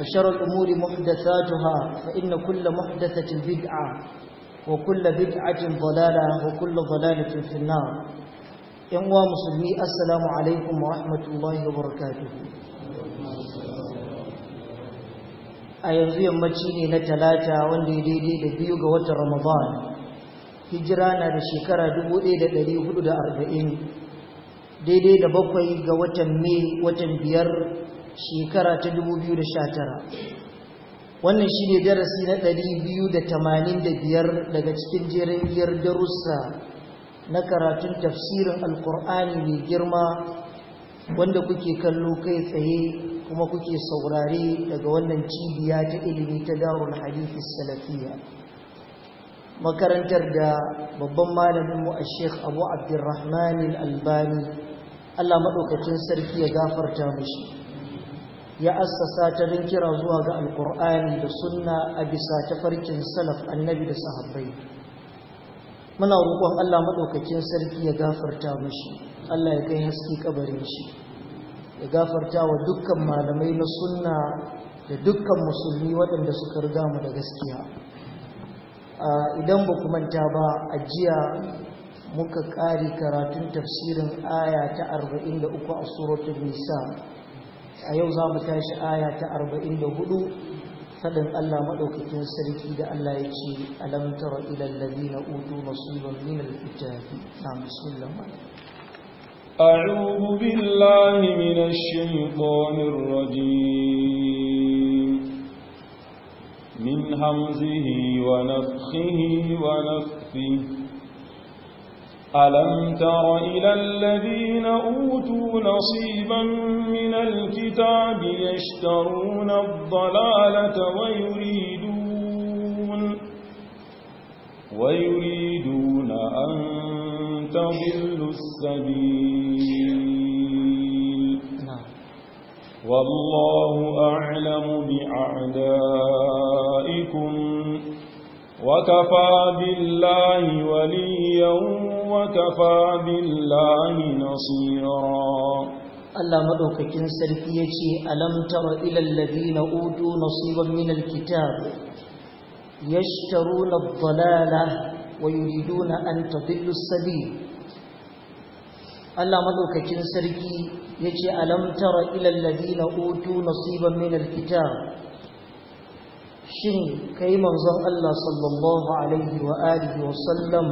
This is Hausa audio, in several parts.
فشر الأمور محدثاتها فإن كل محدثة بدعة وكل بدعة ضلالة وكل ضلالة في النار Yan مسلمي السلام عليكم ورحمة الله وبركاته a yanzu yammaci ne na talata wanda ya daidai da biyu ga watan ramadan hijira na da shekara 1440 daidai da bakwai ga watan mai watan biyar shekara ta 2019 wannan shi ne darasi na ɗari biyu da da tamanin biyar daga cikin jerin giyar darussa na karatun tafsirin alkur'ani mai girma wanda kuke kallo kai tsaye kuma kuke saurare daga wannan cibiya ta ilimi ta darun hadithi salafiya makarantar da babban malaminmu a sheikh abu abdurrahman albani allah maɗaukacin sarki ya gafarta mashi ya assasa ta rinkira kira zuwa ga alkur'ani da sunna a bisa tafarkin salaf annabi da sahabbai muna roƙon Allah maɗaukakin sarki ya gafarta mushi Allah ya kai haske kabarin shi ya gafarta wa dukkan malamai na sunna da dukkan musulmi waɗanda suka riga mu da gaskiya idan ba ku manta ba a jiya muka ƙari karatun tafsirin aya ta 43 a suratul nisa ايو زام تاش آية أربعين لبدو فلن ألا ملوك تنسلك إذا ألا يجي ألم تر إلى الذين أوتوا نصيبا من الكتاب نعم بسم الله أعوذ بالله من الشيطان الرجيم من همزه ونفخه ونفخه ألم تر إلى الذين أوتوا نصيبا من الكتاب يشترون الضلالة ويريدون ويريدون أن تضلوا السبيل نعم. والله أعلم بأعدائكم وكفى بالله وليا وكفى بالله نصيرا Allah madaukakin sarki yace alam tara ila alladhina utu nasiban min alkitab yashtaruna ad-dalala wa yuriduna an tadillu as Allah madaukakin sarki yace alam tara ila alladhina utu nasiban min alkitab shin kai manzon Allah sallallahu alaihi wa alihi wa sallam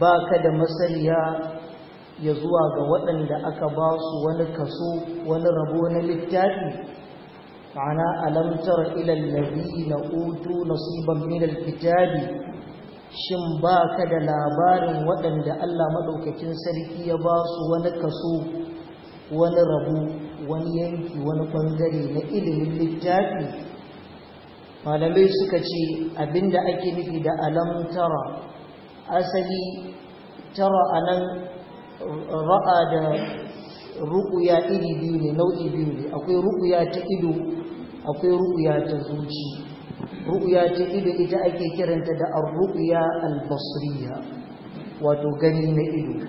ba ka da masaniya ya zuwa ga waɗanda aka ba su wani kaso wani rabo na littafi ma'ana alamtar ilal nabi na utu nasiban milar alkitabi shin ba ka da labarin waɗanda Allah Maɗaukacin sarki ya ba su wani kaso wani rabu wani yanki wani ɓangare na ilimin littafi malamai suka ce abinda ake nufi da alamtara asali tara a nan ra'a da ruƙuya iri biyu ne nau'i biyu ne akwai ruƙuya ta ido akwai ruƙuya ta zuci ruƙuya ta ido ita ake kiranta da ar-ruƙuya al-basriya wato gani na ido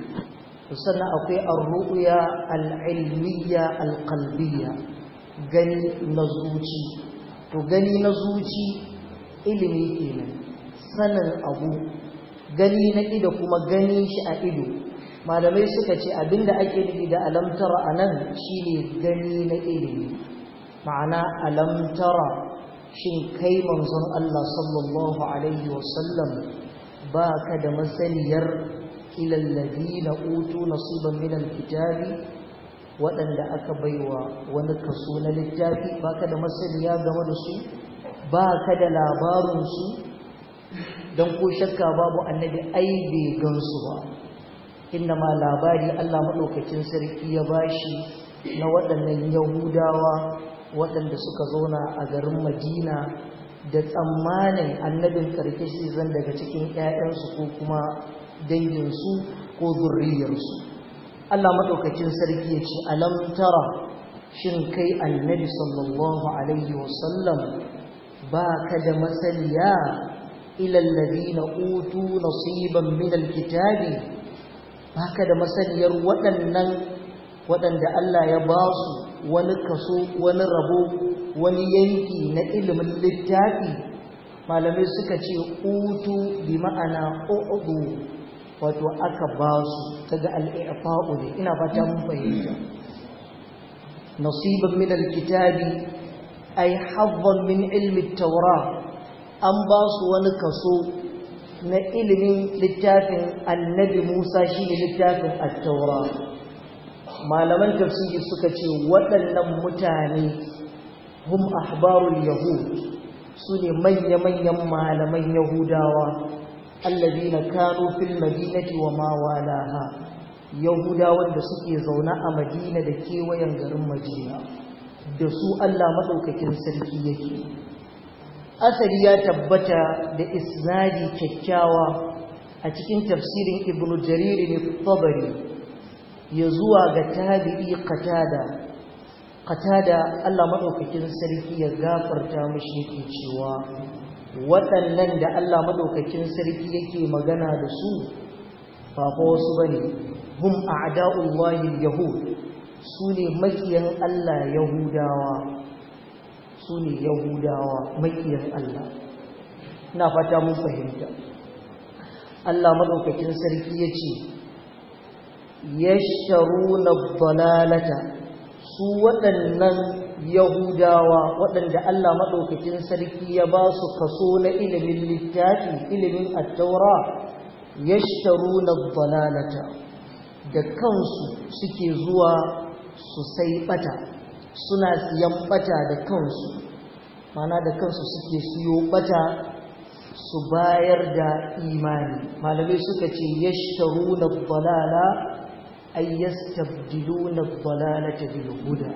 sannan akwai ar-ruƙuya al-ilmiya al qalbiya gani na zuci to gani na zuci ilimi kenan sanin abu gani na ido kuma gani shi a ido malamai suka ce abinda ake nufi da alamtara a nan shine gani na ilimi ma'ana alamtara shin kai manzon Allah sallallahu alaihi wasallam ba ka da masaniyar ilallabi na utu nasiban minal kitabi waɗanda aka baiwa wani kaso na littafi ba ka da masaniya game da su ba ka da su? don ko shakka babu annabi ai bai gansu ba inda ma labari Allah maɗaukacin sarki ya bashi na waɗannan yahudawa waɗanda suka zauna a garin madina da tsammanin annabin Sarki shi zan daga cikin 'ya'yansu ko kuma danginsu ko zurriyarsu Allah maɗaukacin sarki ya ce alam tara shin kai annabi sallallahu alaihi wasallam ba ka da masaliya? إلى utu nasiban نصيبا kitabi, الكتاب da masaniyar waɗannan, waɗanda Allah ya ba su wani kaso wani rabo wani yanki na ilimin littafi malamai suka ce utu bi ma'ana u'udu wato aka ba su kaga al'ifa'u ne ina fata mun fahimta nasiban min kitabi, ay hazzan min ilmi at-taura an ba su wani kaso na ilimin littafin annabi musa shi ne littafin attaura malaman tafsiri suka ce waɗannan mutane hum ahbarul yahud su ne manya-manyan malaman yahudawa allabi na kano fil madinati wa mawalaha yahudawan da suke zaune a madina da kewayen garin madina da su allah maɗaukakin sarki yake asali ya tabbata da isnadi kyakkyawa a cikin tafsirin ibnu jarir tabari ya zuwa ga tabi'i qatada qatada Allah madaukakin sarki ya gafarta mishi yake cewa waɗannan da Allah madaukakin sarki yake magana da su ba ko wasu bane hum a'da'ullahi yahud su ne makiyan Allah yahudawa su ne yahudawa makiyar Allah na fata mun fahimta Allah madaukakin sarki ya ce yasharuna balalata, su waɗannan yahudawa waɗanda Allah madaukakin sarki ya ba su kaso na ilimin littafi ilimin attaura yasharuna balalata, da kansu suke zuwa su sai bata suna siyan bata da kansu mana da kansu suke siyo bata su bayar da imani malamai suka ce yashtaruna dalala ay na dalalata bil huda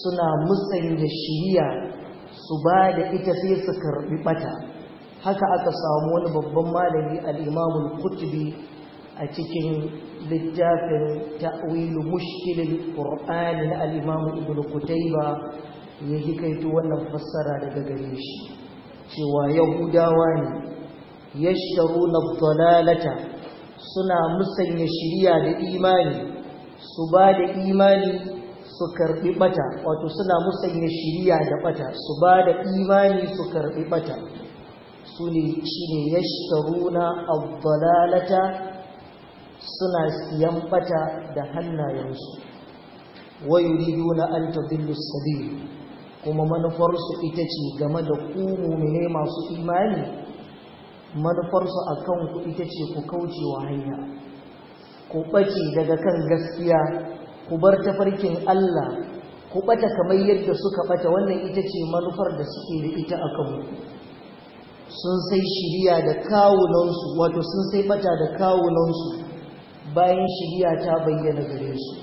suna musanya shiriya su ba da ita sai su karbi bata haka aka samu wani babban malami al-imam al a cikin littafin ta'wilu mushkilin qur'ani na al-imam ibn qutayba ya hikaito wannan fassara daga gare shi cewa yahudawa ne yashtaruna dhalalata suna musanya shiriya da imani su ba imani su karbi bata wato suna musanya shiriya da bata su ba da imani su karbi bata su ne shine yashtaruna ad-dhalalata suna siyan ɓata da hannayensu wa na an tadillu sabil kuma manufarsu ita ce game da ku mu'mine masu imani manufarsu kan ku ita ce ku kauce wa hanya ku ɓace daga kan gaskiya ku bar tafarkin Allah ku ɓata kamar yadda suka ɓata wannan ita ce manufar da suke da ita a sun sai shirya da kawunansu wato sun sai ɓata da kawunansu bayan shirya ta bayyana gare su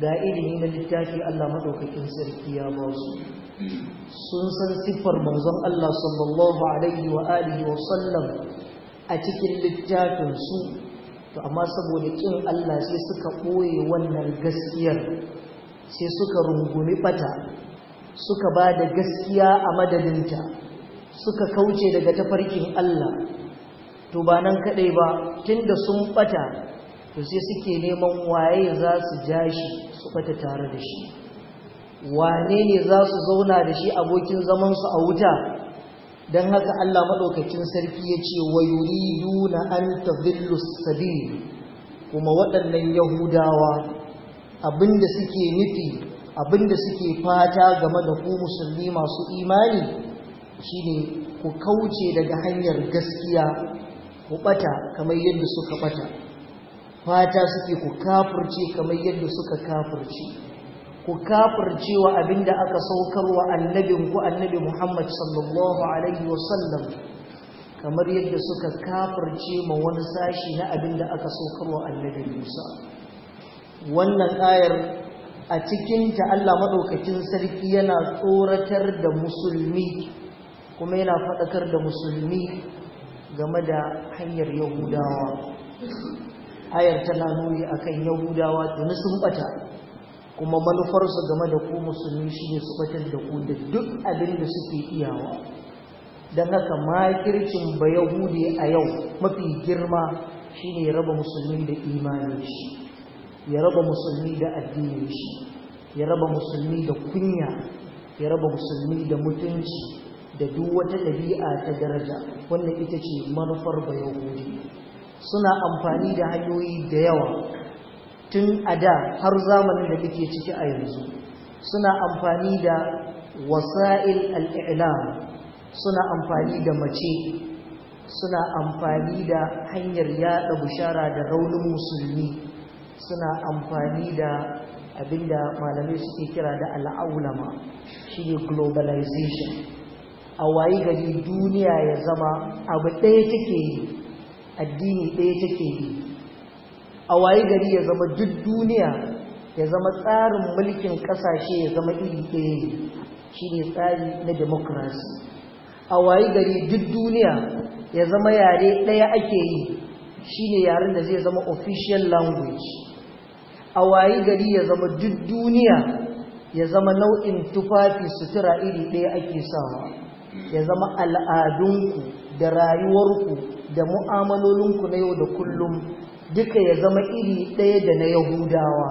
ga ilimi na littafi Allah madaukakin sarki ya ba su sun san siffar manzon Allah sallallahu alaihi wa alihi wa sallam a cikin littafin su to amma saboda kin Allah sai suka ɓoye wannan gaskiyar sai suka rungumi ɓata, suka ba da gaskiya a madadinta suka kauce daga tafarkin Allah to ba nan kadai ba tunda sun bata to sai suke neman waye za su ja shi su bata tare da shi wane ne za su zauna da shi abokin zaman su a wuta dan haka Allah madaukakin sarki yace wayuriduna an tadillu sabil kuma waɗannan yahudawa abinda suke nufi abinda suke fata game da ku musulmi masu imani shine ku kauce daga hanyar gaskiya ku bata kamar yadda suka bata fata suke ku kafirce kamar yadda suka kafirce ku kafirce wa abinda aka saukarwa annabin ku annabi Muhammad sallallahu alaihi wasallam kamar yadda suka kafirce ma wani sashi na abinda aka saukar wa annabi Musa wannan ayar a cikinta Allah madaukakin sarki yana tsoratar da musulmi kuma yana faɗakar da musulmi game da hanyar yahudawa ayar tana nuni akan yahudawa tuni sun bata kuma manufarsu game da ku musulmi shine su batar da ku da duk abin da suke iyawa don haka makircin ba yahudi a yau mafi girma shine raba musulmi da imanin shi ya raba musulmi da addinin shi ya raba musulmi da kunya ya raba musulmi da mutunci da duk wata ɗabi'a ta daraja wannan ita ce manufar bayahudi suna amfani da hanyoyi da yawa tun a da har zamanin da kake ciki a yanzu suna amfani da wasa'il al'ilam suna amfani da mace suna amfani da hanyar yaɗa bushara da raunin musulmi suna amfani da abinda malamai suke kira da al'aulama shi ne globalization a wayi gari duniya ya zama abu ɗaya take yi addini ɗaya take yi a wayi gari ya zama duk duniya ya zama tsarin mulkin ƙasashe ya zama iri ɗaya yi shi ne tsari na demokrasi a wayi gari duk duniya ya zama yare ɗaya ake yi shi ne yaren da zai zama official language a wayi gari ya zama duk duniya ya zama nau'in tufafi sutura iri ɗaya ake sawa ya zama al'adunku da rayuwarku da mu'amalolinku na yau da kullum duka ya zama iri ɗaya da na yahudawa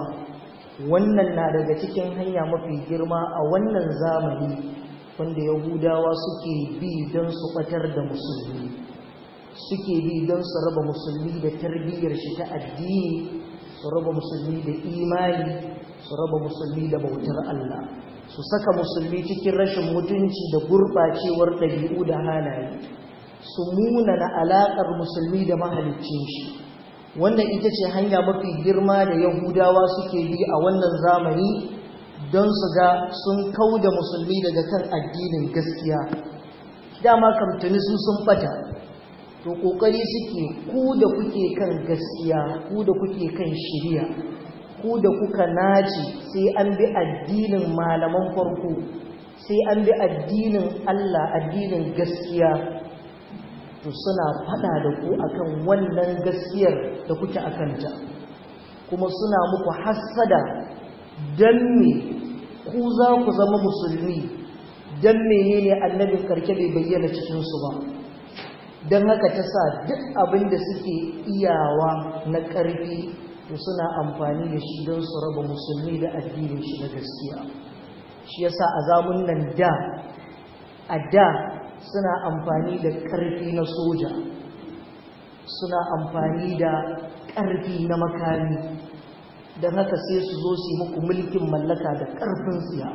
wannan na daga cikin hanya mafi girma a wannan zamani wanda yahudawa suke bi don su ɓatar da musulmi suke bi don su raba musulmi da tarbiyyar shi ta addini su raba musulmi da imani su raba musulmi da bautar Allah su saka musulmi cikin rashin mutunci da gurɓacewar ɗabi'u da halaye su munana alaƙar musulmi da mahalicin shi wannan ita ce hanya mafi girma da yahudawa suke bi a wannan zamani don su ga sun kau da musulmi daga kan addinin gaskiya dama kamtani su sun fata to ƙoƙari suke ku da kuke kan gaskiya ku da kuke kan shirya ku da kuka naci sai an bi addinin malaman farko sai an bi addinin Allah addinin gaskiya to suna fada da ku akan wannan gaskiyar da kuke akanta kuma suna muku hassada dan me ku za ku zama musulmi dan menene Annabi karke bai bayyana cikin su ba dan haka ta sa duk abin da suke iyawa na ƙarfi da suna amfani da shi don su raba musulmi da addinin shi na gaskiya shi yasa a zamun nan da a da suna amfani da ƙarfi na soja suna amfani da ƙarfi na makami don haka sai su zo su yi muku mulkin mallaka da ƙarfin siya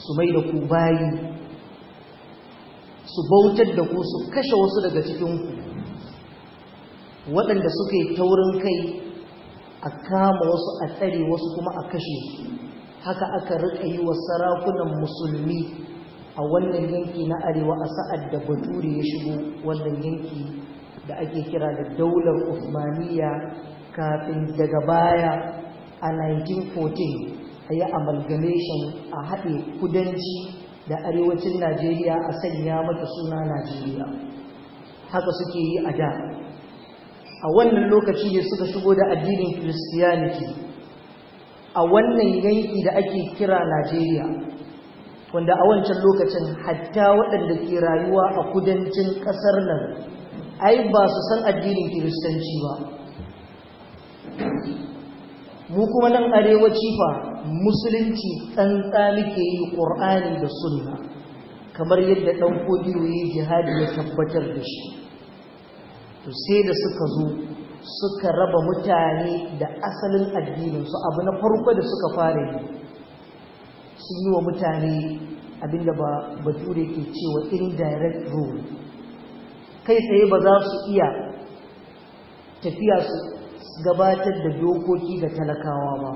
su mai da ku bayi su bautar da ku su kashe wasu daga cikin ku waɗanda suka yi taurin kai a kama wasu a tsare wasu kuma a kashe haka aka rika yi wa sarakunan musulmi a wannan yanki na arewa a sa'ad da bature ya shigo wannan yanki da ake kira da daular usmaniya kafin daga baya a 1914 a yi amalgamation a haɗe kudanci da arewacin najeriya a sanya mata suna najeriya haka suke yi a da a wannan lokaci da suka shigo da addinin christianity a wannan yanki da ake kira Najeriya wanda a wancan lokacin hatta waɗanda ke rayuwa a kudancin ƙasar nan ai ba su san addinin kiristanci ba mu kuma nan arewaci fa musulunci tsantsani muke yi ƙur'ani da sunna kamar yadda ɗan kodiyo yi jihadi ya tabbatar da shi to sai da suka zo suka raba mutane da asalin addinin su abu na farko da suka fara yi sun yi wa mutane abinda ba bature ke cewa indirect rule kai tsaye ba za su iya tafiya su gabatar da dokoki da talakawa ba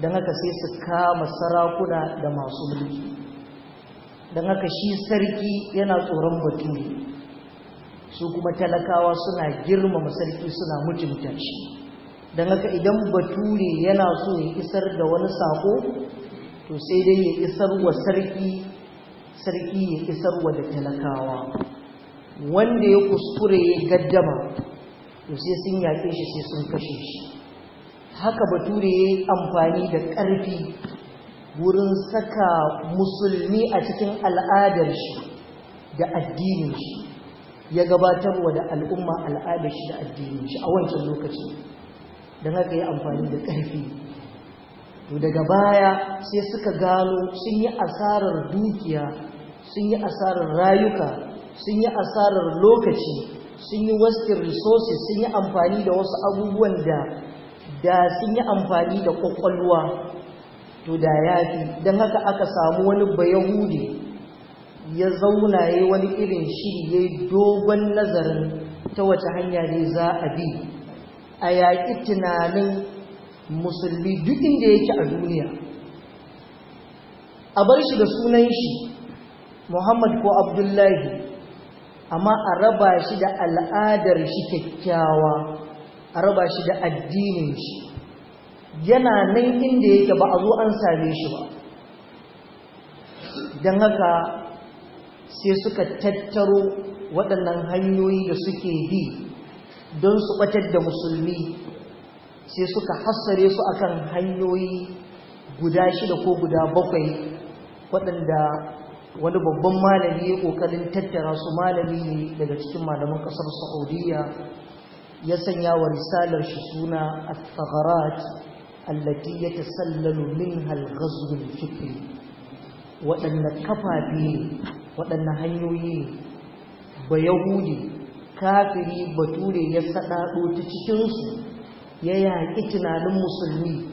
don haka sai su kama sarakuna da masu mulki don haka shi sarki yana tsoron bature su kuma talakawa suna girmama sarki suna mutunta shi don haka idan bature yana so ya isar da wani sako to sai dai ya isar wa sarki sarki ya isar wa da talakawa wanda ya kuskure ya gaddama to sai sun yaƙe shi sai sun kashe shi haka bature ya yi amfani da ƙarfi wurin saka musulmi a cikin al'adar shi da addinin shi ya gabatar wa da al'umma al’adashi shi da addinin shi a wancan lokaci don haka yi amfani da ƙarfi to daga baya sai suka gano sun yi asarar dukiya sun yi asarar rayuka sun yi asarar lokaci sun yi wasting resources sun yi amfani da wasu abubuwan da da sun yi amfani da ƙwaƙwalwa to da ya fi don haka aka samu wani bayan hudu ya zauna ya wani irin shi ya yi dogon nazarin ta wata hanya ne za a bi a yaƙi tunanin musulmi duk inda yake a duniya a bar shi da sunan shi muhammad ko abdullahi amma a raba shi da al'adar shi kyakkyawa a raba shi da addinin shi yana nan inda yake ba a zo an same shi ba don haka sai suka tattaro waɗannan hanyoyi da suke bi don su ɓatar da musulmi sai suka hassare su akan hanyoyi guda shida ko guda bakwai waɗanda wani babban malami ya ƙoƙarin tattara su malami ne daga cikin malaman ƙasar saudiya ya sanya wa risalar shi suna al-thagharat allati yatasallalu minha min ghazw fikri waɗanda kafafe waɗannan hanyoyi ne ba yahudi kafiri bature ya saɗaɗo ta cikinsu ya yaƙi tunanin musulmi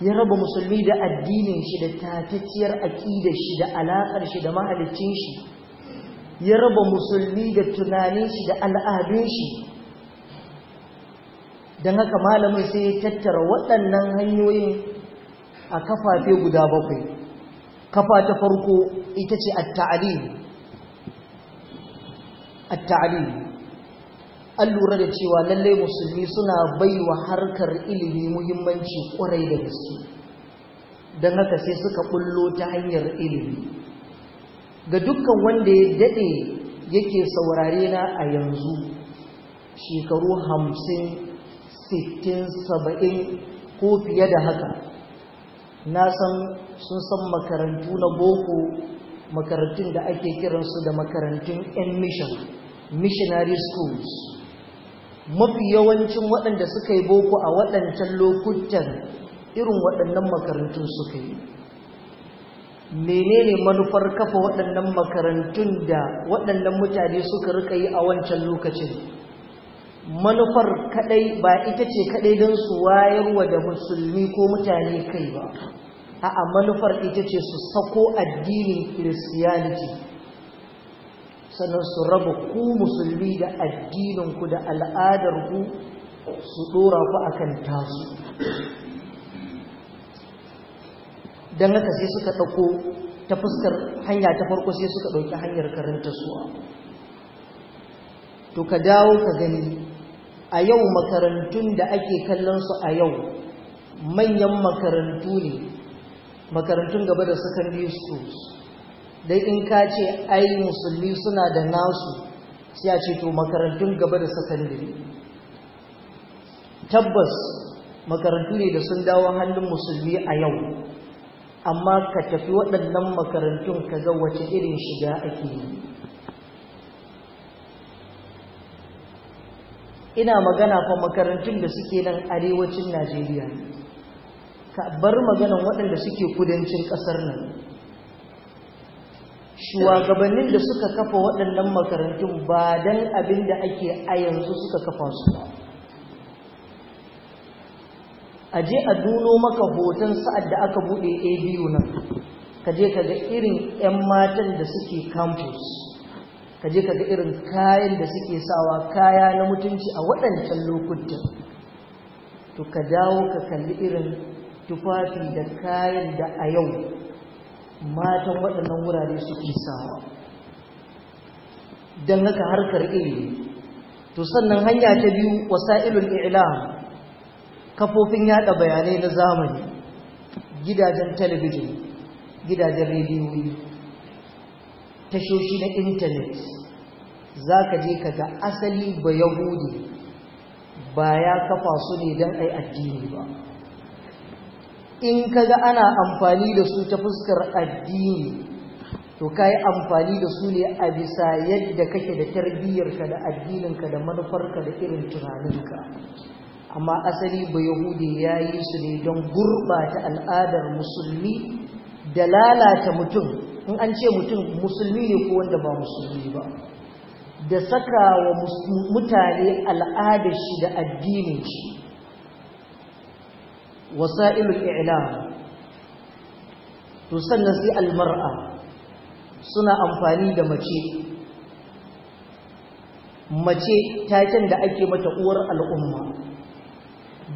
ya raba musulmi da addinin shi da tatacciyar aƙidar shi da alaƙar shi da mahalicin shi ya raba musulmi da tunanin shi da al'adun shi don haka malamin sai ya tattara waɗannan hanyoyin a kafafe guda bakwai kafa ta farko ita ce at an lura da cewa lallai musulmi suna baiwa harkar ilimi muhimmanci kwarai da gaske don haka sai suka bullo ta hanyar ilimi ga dukkan wanda ya daɗe yake saurare na a yanzu shekaru hamsin sittin saba'in ko fiye da haka na san sun san makarantu na boko makarantun da ake kiransu da makarantun 'yan mission missionary schools mafi yawancin waɗanda suka yi boko a waɗancan lokutan irin waɗannan makarantun suka yi menene manufar kafa waɗannan makarantun da waɗannan mutane suka rika yi a wancan lokacin manufar kadai ba ita ce kadai don su wayarwa da musulmi ko mutane kai ba a'a manufar ita ce su sako addinin christianity sannan su raba ku musulmi da addininku da al'adarku su dora ku kan tasu don haka sai suka ɗauko ta fuskar hanya ta farko sai suka ɗauki hanyar karanta suwa to ka dawo ka gani a yau makarantun da ake kallon su a yau manyan makarantu ne makarantun gaba da secondary schools dai in ka ce ai musulmi suna da nasu sai a ce to makarantun gaba da secondary tabbas makarantu ne da sun dawo hannun musulmi a yau amma ka tafi waɗannan makarantun ka ga wace irin shiga ake yi ina magana fa makarantun da suke nan arewacin Najeriya ka bar maganan waɗanda suke kudancin ƙasar nan shugabannin da suka kafa waɗannan makarantun ba don abin da ake a yanzu suka kafa su ba a je a duno maka hoton sa'ad da aka buɗe abu nan ka je ka ga irin 'yan matan da suke campus ka je ka ga irin kayan da suke sawa kaya na mutunci a waɗancan lokutan to ka dawo ka kalli irin tufafi da kayan da a yau matan waɗannan wurare suke sawa don haka harkar ilimi to sannan hanya ta biyu wasa'ilul i'lam kafofin yada bayanai na zamani gidajen talabijin gidajen rediyoyi tashoshi na intanet za ka je ka ga asali ba yahudi ba ya kafa su ne don ai addini ba in ka ga ana amfani da su ta fuskar addini to ka yi amfani da su ne a bisa yadda kake da tarbiyyarka da addininka da manufarka da irin tunaninka amma asali ba yahudi ya yi su ne don gurɓata al'adar musulmi da lalata mutum in an ce mutum musulmi ne ko wanda ba musulmi ba da saka wa mutane al'adar shi da addinin shi wasa'ilul i'lam to sannan sai almar'a suna amfani da mace mace taken da ake mata uwar al'umma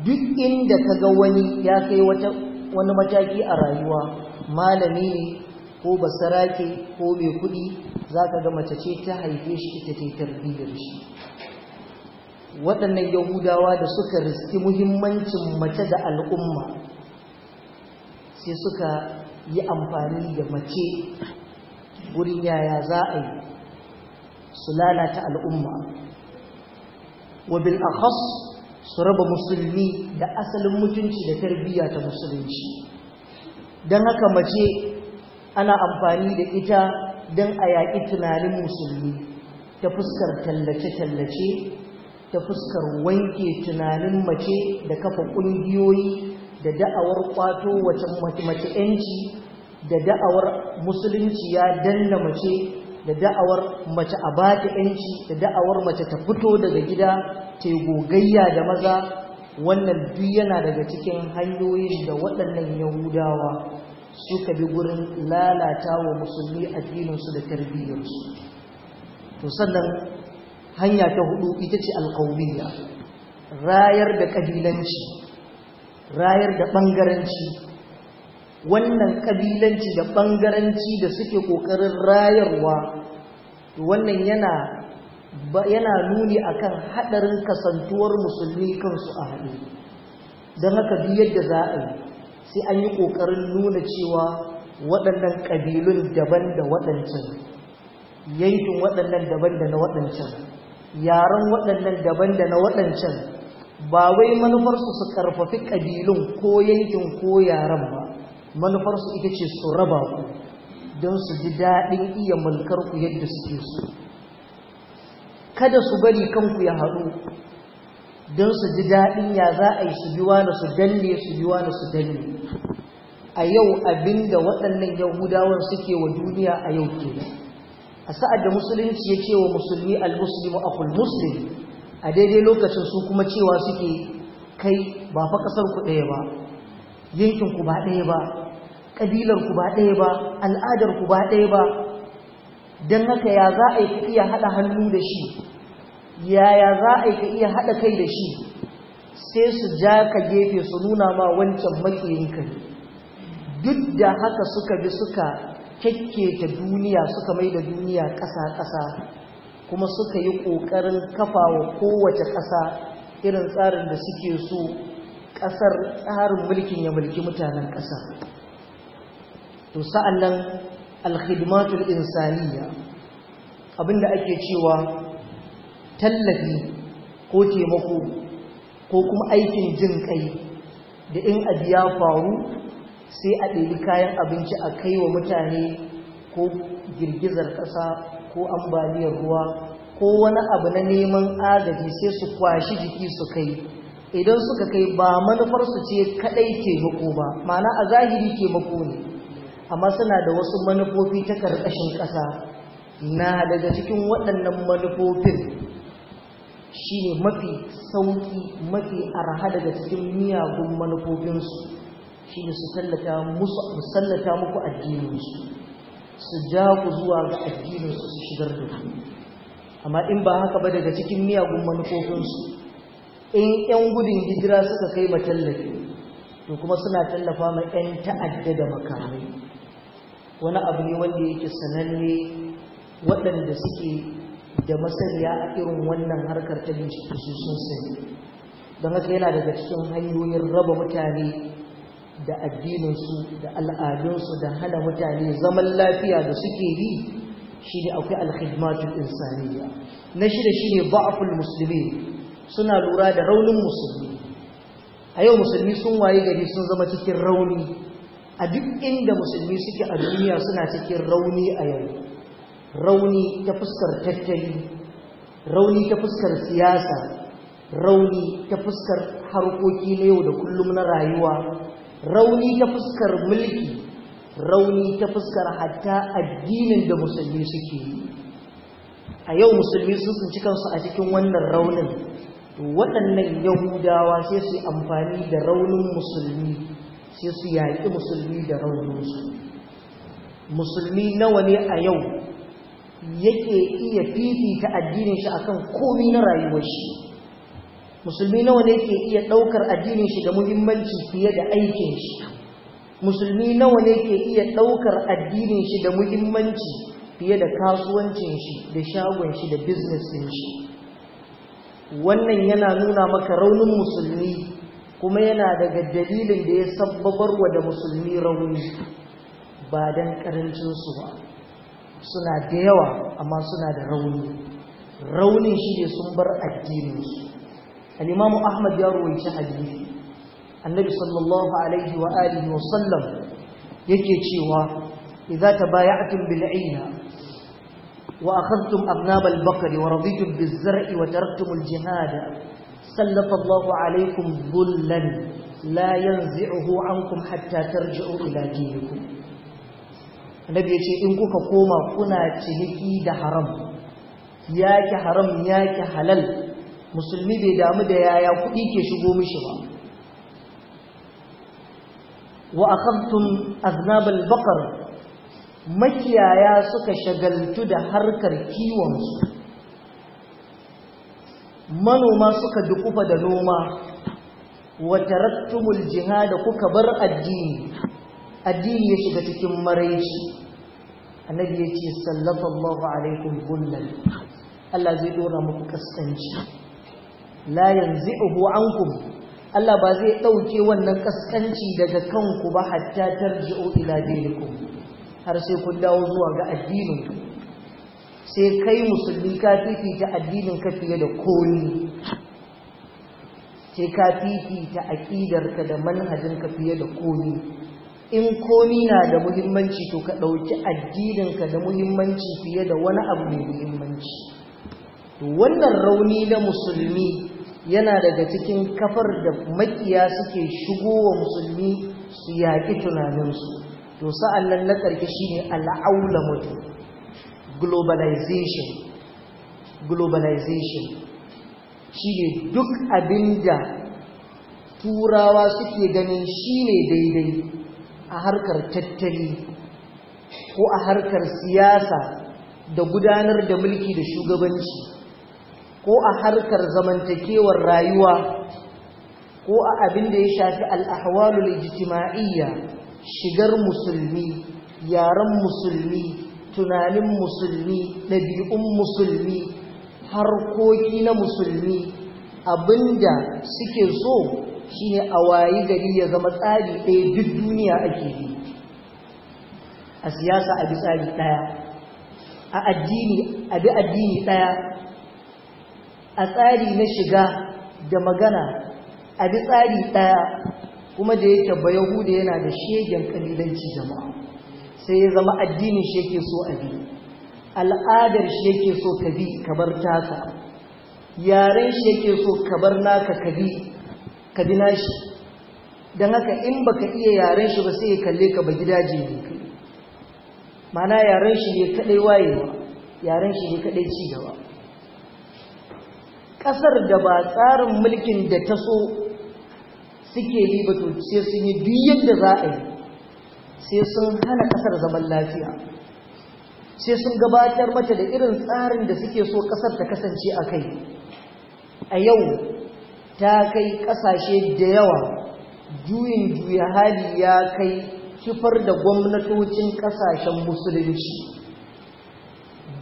duk inda ka ga wani ya kai wani mataki a rayuwa malami ne ko basarake ko mai kuɗi za ka ga mace ce ta haife shi ita ce tarbiyyar shi waɗannan yahudawa da suka riski muhimmancin mace da al'umma sai suka yi amfani da mace wurin yaya za a yi su lalata al'umma wabil akhas su raba musulmi da asalin mutunci da tarbiyya ta musulunci don haka mace ana amfani da ita don a yaƙi tunanin musulmi ta fuskar tallace-tallace ta fuskar wanke tunanin mace da kafa ƙungiyoyi da da'awar ƙwato wace mace 'yanci da da'awar musulunci ya danna mace da da'awar mace a ba ta 'yanci da da'awar mace ta fito daga gida ta yi gogayya da maza wannan duk yana daga cikin hanyoyin da waɗannan yahudawa suka bi gurin lalata wa musulmi addininsu da tarbiyyarsu to sannan hanya ta hudu ita ce alƙawiyya rayar da ƙabilanci rayar da ɓangaranci wannan ƙabilanci da ɓangaranci da suke ƙoƙarin rayarwa wannan yana yana nuni akan haɗarin kasantuwar musulmi kansu a haɗe don haka biyar da za a yi sai an yi ƙoƙarin nuna cewa waɗannan ƙabilun daban da waɗancan yankin waɗannan daban da na waɗancan yaren waɗannan daban da na waɗancan ba wai manufarsu su ƙarfafi ƙabilun ko yankin ko yaren ba manufarsu ita ce su raba ku don su ji daɗin iya mulkar ku yadda suke so kada su bari kanku ya haɗu don su ji daɗin ya za a yi su biwa na su danne su biwa na su danne a yau abinda waɗannan yahudawan suke wa duniya a yau ke. a sa'ad da musulunci ya ce wa musulmi al-muslimu akul muslim a daidai lokacin su kuma cewa suke kai ba fa ƙasar ku ɗaya ba yankin ku ba ɗaya ba ƙabilar ku ba ɗaya ba al'adar ku ba ɗaya ba don haka ya za a yi iya haɗa hannu da shi yaya za a yi ka iya haɗa kai da shi sai su ja ka gefe su nuna ma wancan makiyin ka duk da haka suka bi suka kyakketa duniya suka mai da duniya ƙasa-ƙasa kuma suka yi ƙoƙarin kafa wa kowace ƙasa irin tsarin da suke so ƙasar tsarin mulkin ya mulki mutanen ƙasa to sa'an nan alkhidmatul insaniya abinda ake cewa tallafi ko taimako ko kuma aikin jin kai da in abu ya faru sai a ɗari kayan abinci a kai wa mutane ko girgizar ƙasa ko ambaliyar ruwa ko wani abu na neman agaji sai su kwashi jiki su kai idan suka kai ba manufarsu ce kaɗai taimako ba mana a zahiri taimako ne amma suna da wasu manufofi ta ƙarƙashin ƙasa na daga cikin waɗannan manufofin Shi ne mafi sauki mafi arha daga cikin miyagun manufofinsu shi ne su sallata muku addininsu su ja ku zuwa ga addininsu su shigar da ku amma in ba haka ba daga cikin miyagun manufofinsu in yan gudun hijira suka kai matallafi to kuma suna tallafa ma yan ta'adda da makamai wani abu ne wanda yake sananne waɗanda suke da masaniya a irin wannan harkar ta bincike su sun sani don haka yana daga cikin hanyoyin raba mutane da addininsu da al'adunsu da hana mutane zaman lafiya da suke yi shi ne akwai alkhidmatul insaniya na shida shi ne ba'aful musulmi suna lura da raunin musulmi a yau musulmi sun waye gari sun zama cikin rauni a duk inda musulmi suke a duniya suna cikin rauni a yau rauni ta fuskar tattali rauni ta fuskar siyasa rauni ta fuskar harkoki na yau da kullum na rayuwa rauni ta fuskar mulki rauni ta fuskar hatta addinin da musulmi suke a yau musulmi sun tsinci kansu a cikin wannan raunin waɗannan yahudawa sai su amfani da raunin musulmi sai su yaƙi musulmi da rauninsu musulmi nawa ne a yau yake iya fifita addinin shi akan komai na rayuwar shi musulmi nawa ne ke iya ɗaukar addinin shi da muhimmanci fiye da aikin shi musulmi nawa ne ke iya ɗaukar addinin shi da muhimmanci fiye da kasuwancin shi da shagon shi da business din shi wannan yana nuna maka raunin musulmi kuma yana daga dalilin da ya sabbabar wa da musulmi rauni ba don su ba suna da yawa amma suna da rauni raunin shi ne sun bar addininsu al'imamu ahmad ya ruwanci hadisi annabi sallallahu alaihi wa alihi wa sallam yake cewa idza tabaya'tum bil ayna wa akhadhtum abnab al baqri wa raditum biz zar'i wa taraktum al jihad sallata Allahu alaykum la yanzi'uhu ankum hatta tarji'u ila dinikum annabi ya ce in kuka koma kuna ciniki da haram yaki haram yaki halal musulmi bai damu da yaya kuɗi ke shigo mishi ba wa akhadtum aznab al-baqar makiyaya suka shagaltu da harkar kiwon su manoma suka dukufa da noma wa tarattumul jihad kuka bar addini addini ya shiga cikin maraici annabi ya ce sallallahu alaikum gullan Allah zai dora muku kaskanci la yanzi'uhu ankum Allah ba zai dauke wannan kaskanci daga kanku ba hatta tarji'u ila dinikum har sai kun dawo zuwa ga addinin sai kai musulmi ka fifita addinin ka fiye da komi sai ka fifita aqidarka da manhajinka fiye da komi in komi na da muhimmanci to ka ɗauki addininka da muhimmanci fiye da wani abu mai muhimmanci wannan rauni na musulmi yana daga cikin kafar da makiya suke shigowa musulmi su yaƙi tunaninsu to sa'an nan na ƙarfi shi ne al'aula globalization globalization shi ne duk abin da turawa suke ganin shi ne daidai a harkar tattali ko a harkar siyasa da gudanar da mulki da shugabanci ko a harkar zamantakewar rayuwa ko a abin da ya shafi al'ahwalul ijtima'iyya shigar musulmi yaren musulmi tunanin musulmi ɗabi'un musulmi harkoki na musulmi abinda suke so Shi ne a wayi gari ya zama tsari ɗaya duk duniya ake bi a siyasa a bi tsari ɗaya a addini a bi addini ɗaya a tsari na shiga da magana a bi tsari ɗaya kuma da yake ba yahuda yana da shegen kalilanci jama'a sai ya zama addinin shi yake so a bi al'adar shi yake so ka bi kamar taka yaren shi yake so ka bar naka ka bi ka bi nashi don haka in ba ka iya yaren shi ba sai ya kalle ka ba gidaje ne kai mana yaren shi ne kadai wayewa yaren shi ne kadai ci gaba da ba tsarin mulkin da ta so suke yi ba to sai sun yi duk yadda za a yi sai sun hana ƙasar zaman lafiya sai sun gabatar mata da irin tsarin da suke so ƙasar ta kasance a kai a yau ta kai ƙasashe da yawa juyin juya hali ya kai kifar da gwamnatocin ƙasashen musulunci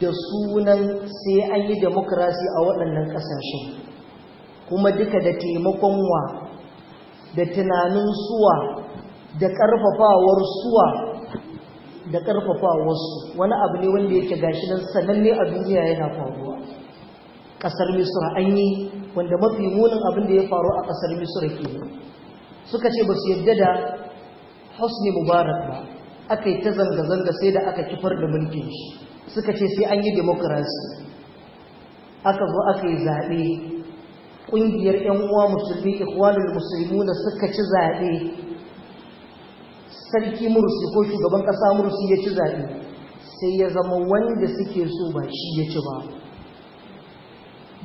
da sunan sai an yi demokrasi a waɗannan ƙasashen kuma duka da taimakon wa da tunanin suwa da ƙarfafawar suwa da ƙarfafawarsu wani abu ne wanda yake gashi nan sananne a duniya yana faruwa ƙasar misra an yi wanda mafi munin abin da ya faru a ƙasar misra ke suka ce ba su yadda da hosni mubarak ba aka yi ta zanga-zanga sai da aka kifar da mulkin shi suka ce sai an yi demokrasi aka zo aka yi zaɓe ƙungiyar 'yan uwa musulmi ikwalin musulmi da suka ci zaɓe sarki mursi ko shugaban ƙasa mursi ya ci zaɓe sai ya zama wanda suke so ba shi ya ci ba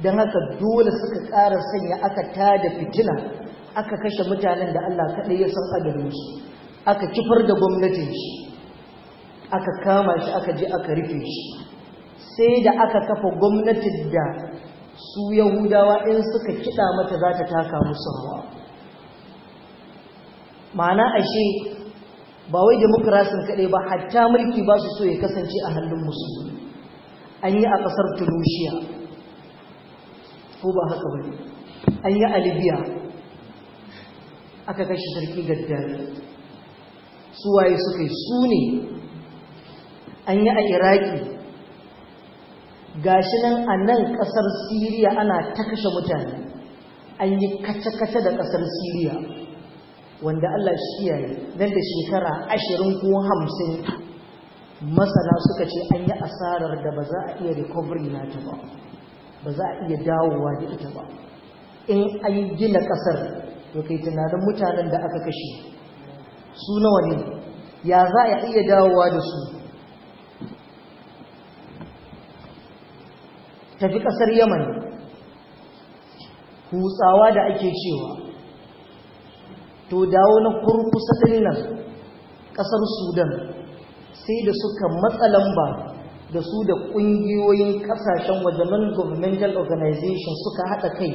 don haka dole suka ƙara sanya aka tada fitina aka kashe mutanen da Allah kaɗai ya san adalin shi aka kifar da gwamnatin shi aka kama shi aka je aka rufe shi sai da aka kafa gwamnatin da su yahudawa in suka kiɗa mata za ta taka musu rawa ma'ana ashe ba wai demokrasin kaɗai ba hatta mulki ba su so ya kasance a hannun musulmi an yi a ƙasar tunisia ko ba haka ne. an yi a aka kashe sarki Su suwaye suka yi su ne an yi a iraki gashi nan a nan kasar siriya ana ta kashe mutane an yi kace-kace da kasar siriya wanda allah shi yayi nan da shekara ashirin ko hamsin masana suka ce an yi asarar da ba za a iya recovery na ta ba ba za a iya dawowa da ita ba in an gina ƙasar to kai tunanin mutanen da aka kashe su nawa ne ya za a iya dawowa da su tafi ƙasar yaman hutsawa da ake cewa to dawo na kurkusa ɗin ƙasar sudan sai da suka matsa lamba da su da ƙungiyoyin ƙasashen waje non-governmental organization suka haɗa kai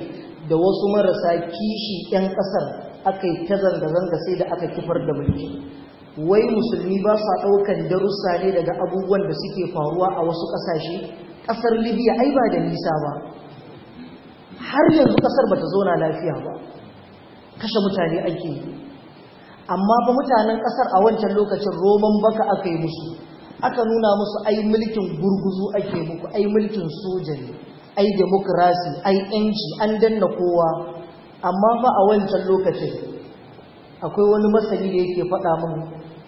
da wasu marasa kishi 'yan ƙasar aka yi ta zanga-zanga sai da aka kifar da mulki wai musulmi ba sa darussa ne daga abubuwan da suke faruwa a wasu ƙasashe ƙasar libya ai ba da nisa ba har yanzu ƙasar ba ta zauna lafiya ba kashe mutane ake yi amma ba mutanen ƙasar a wancan lokacin roman baka aka yi musu aka nuna musu ai mulkin gurguzu ake muku ai mulkin soja ne ai demokrasi ai yanci an danna kowa amma fa a wancan lokacin akwai wani masani da yake faɗa min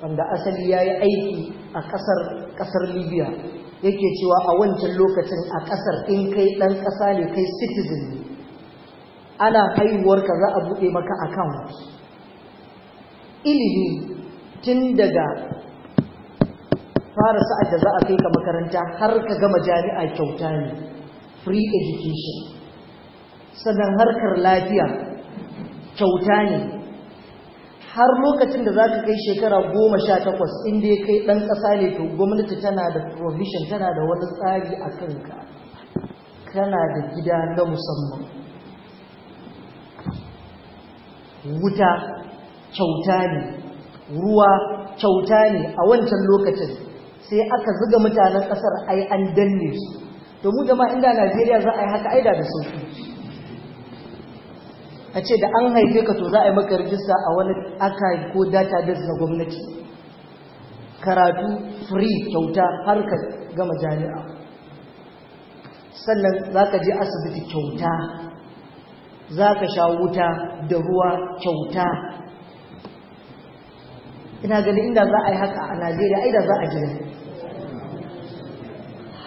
wanda asali ya yi aiki a ƙasar ƙasar libya yake cewa a wancan lokacin a ƙasar in kai ɗan ƙasa ne kai citizen ne ana ka za a buɗe maka account ilimi tun daga fara sa'ad da za a kai ka makaranta har ka gama jami'a kyauta ne free education sannan harkar lafiya kyauta ne har lokacin da za ka kai shekara goma sha takwas inda ya kai ɗan ƙasa ne to gwamnati tana da provision tana da wani tsari a kanka kana da gida na musamman wuta kyauta ne ruwa kyauta ne a wancan lokacin sai aka zuga mutanen kasar ai an danne su to mu jama'a inda Najeriya za a yi haka aida da sauki a ce da an haife ka to za a yi maka rijista a wani aka ko data base na gwamnati karatu free kyauta har ka gama jami'a sannan za ka je asibiti kyauta za ka sha wuta da ruwa kyauta ina ganin inda za a yi haka a najeriya ai da za a gina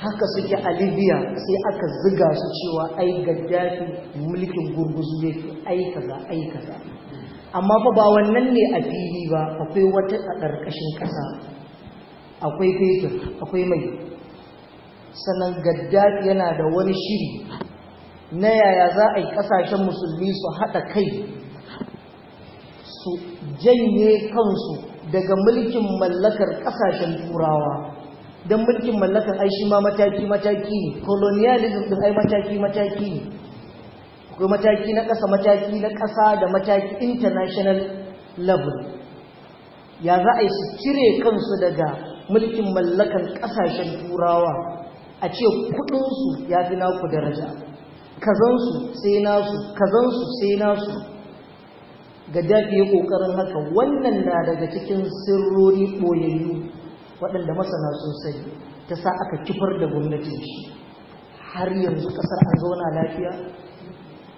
haka suke a sai aka ziga su cewa ai gaddafi mulkin gurguzu ne fi aikaza aikaza amma fa ba wannan ne a fili ba akwai wata a ƙarƙashin ƙasa akwai fetur akwai mai sannan gaddafi yana da wani shiri na yaya za a yi ƙasashen musulmi su haɗa kai su janye kansu daga mulkin mallakar ƙasashen turawa don mulkin mallakar ai shi ma mataki-mataki colonialism din ai mataki-mataki akwai mataki na ƙasa mataki na ƙasa da mataki international level ya za a yi su cire kansu daga mulkin mallakar ƙasashen turawa a ce kudinsu ya fi naku daraja kazansu sai nasu kazansu sai nasu ga dafi ya ƙoƙarin haka wannan na daga cikin sirrori ɓoyayyu waɗanda masana sosai ta sa aka kifar da gwamnatin shi har yanzu ƙasar an zauna lafiya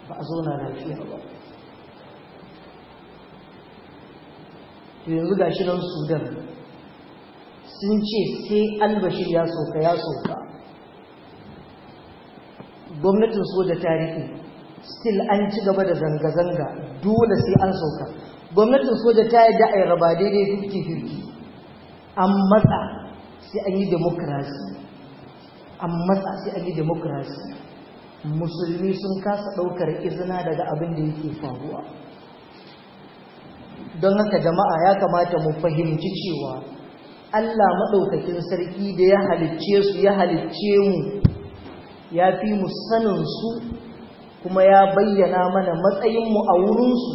ba a zauna lafiya ba yanzu ga shi nan sudan sun ce sai albashir ya soka ya soka gwamnatin soja ta riƙe still an ci gaba da zanga-zanga dole sai an soka gwamnatin soja ta yi da'ai raba daidai hirki-hirki an matsa sai an yi demokrasi an matsa sai an yi demokrasi musulmi sun kasa ɗaukar izina daga abin da yake faruwa don haka jama'a ya kamata mu fahimci cewa Allah maɗaukakin sarki da ya halicce su ya halicce mu ya fi mu sanin su kuma ya bayyana mana matsayinmu a wurinsu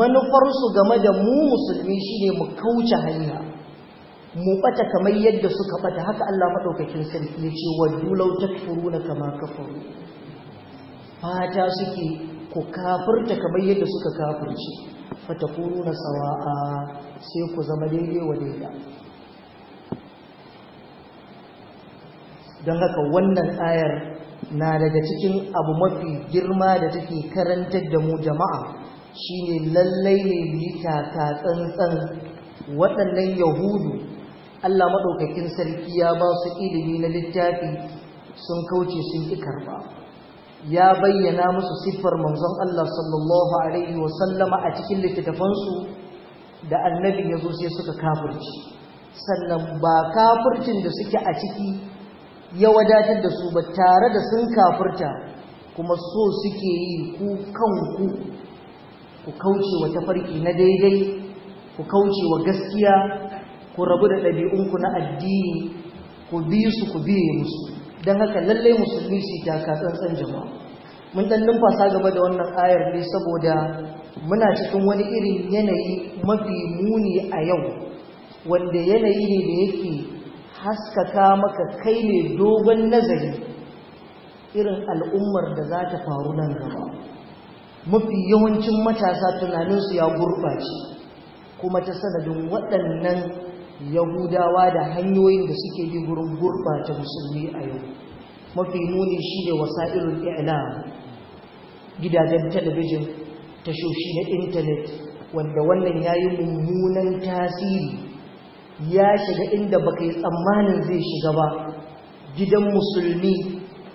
manufarsu game da mu musulmi shine mu kauce hanya mu bata kamar yadda suka bata haka Allah madaukakin sarki ya ce waddu law takfuruna kama kafaru fata suke ku kafirta kamar yadda suka kafirce fatakununa sawa'a sai ku zama daidai wa daidai don haka wannan ayar na daga cikin abu mafi girma da take karantar da mu jama'a shine lallai ne mu ka tsantsan waɗannan yahudu Allah maɗaukakin sarki ya ba su ilimi na littafi sun kauce sun ƙi karɓa ya bayyana musu siffar manzon Allah sallallahu alaihi wa sallama a cikin littattafansu da annabi ya zo sai suka kafirci sannan ba kafircin da suke a ciki ya wadatar da su ba tare da sun kafirta kuma so suke yi ku kanku ku kauce wa tafarki na daidai ku kauce wa gaskiya ku rabu da ɗabi'unku na addini ku bi su ku biye musu don haka lallai musulmi su ta tsantsan jama'a mun ɗan numfasa gaba da wannan ayar ne saboda muna cikin wani irin yanayi mafi muni a yau wanda yanayi ne da yake haskaka maka kai ne dogon nazari irin al'ummar da za ta faru nan gaba mafi yawancin matasa tunaninsu ya gurɓace kuma ta sanadin waɗannan yahudawa da hanyoyin da suke bi gurin gurɓata musulmi a yau mafi nuni shi ne irin ila gidajen talabijin tashoshi na intanet wanda wannan ya yi mummunan tasiri ya shiga inda baka yi tsammanin zai shiga ba gidan musulmi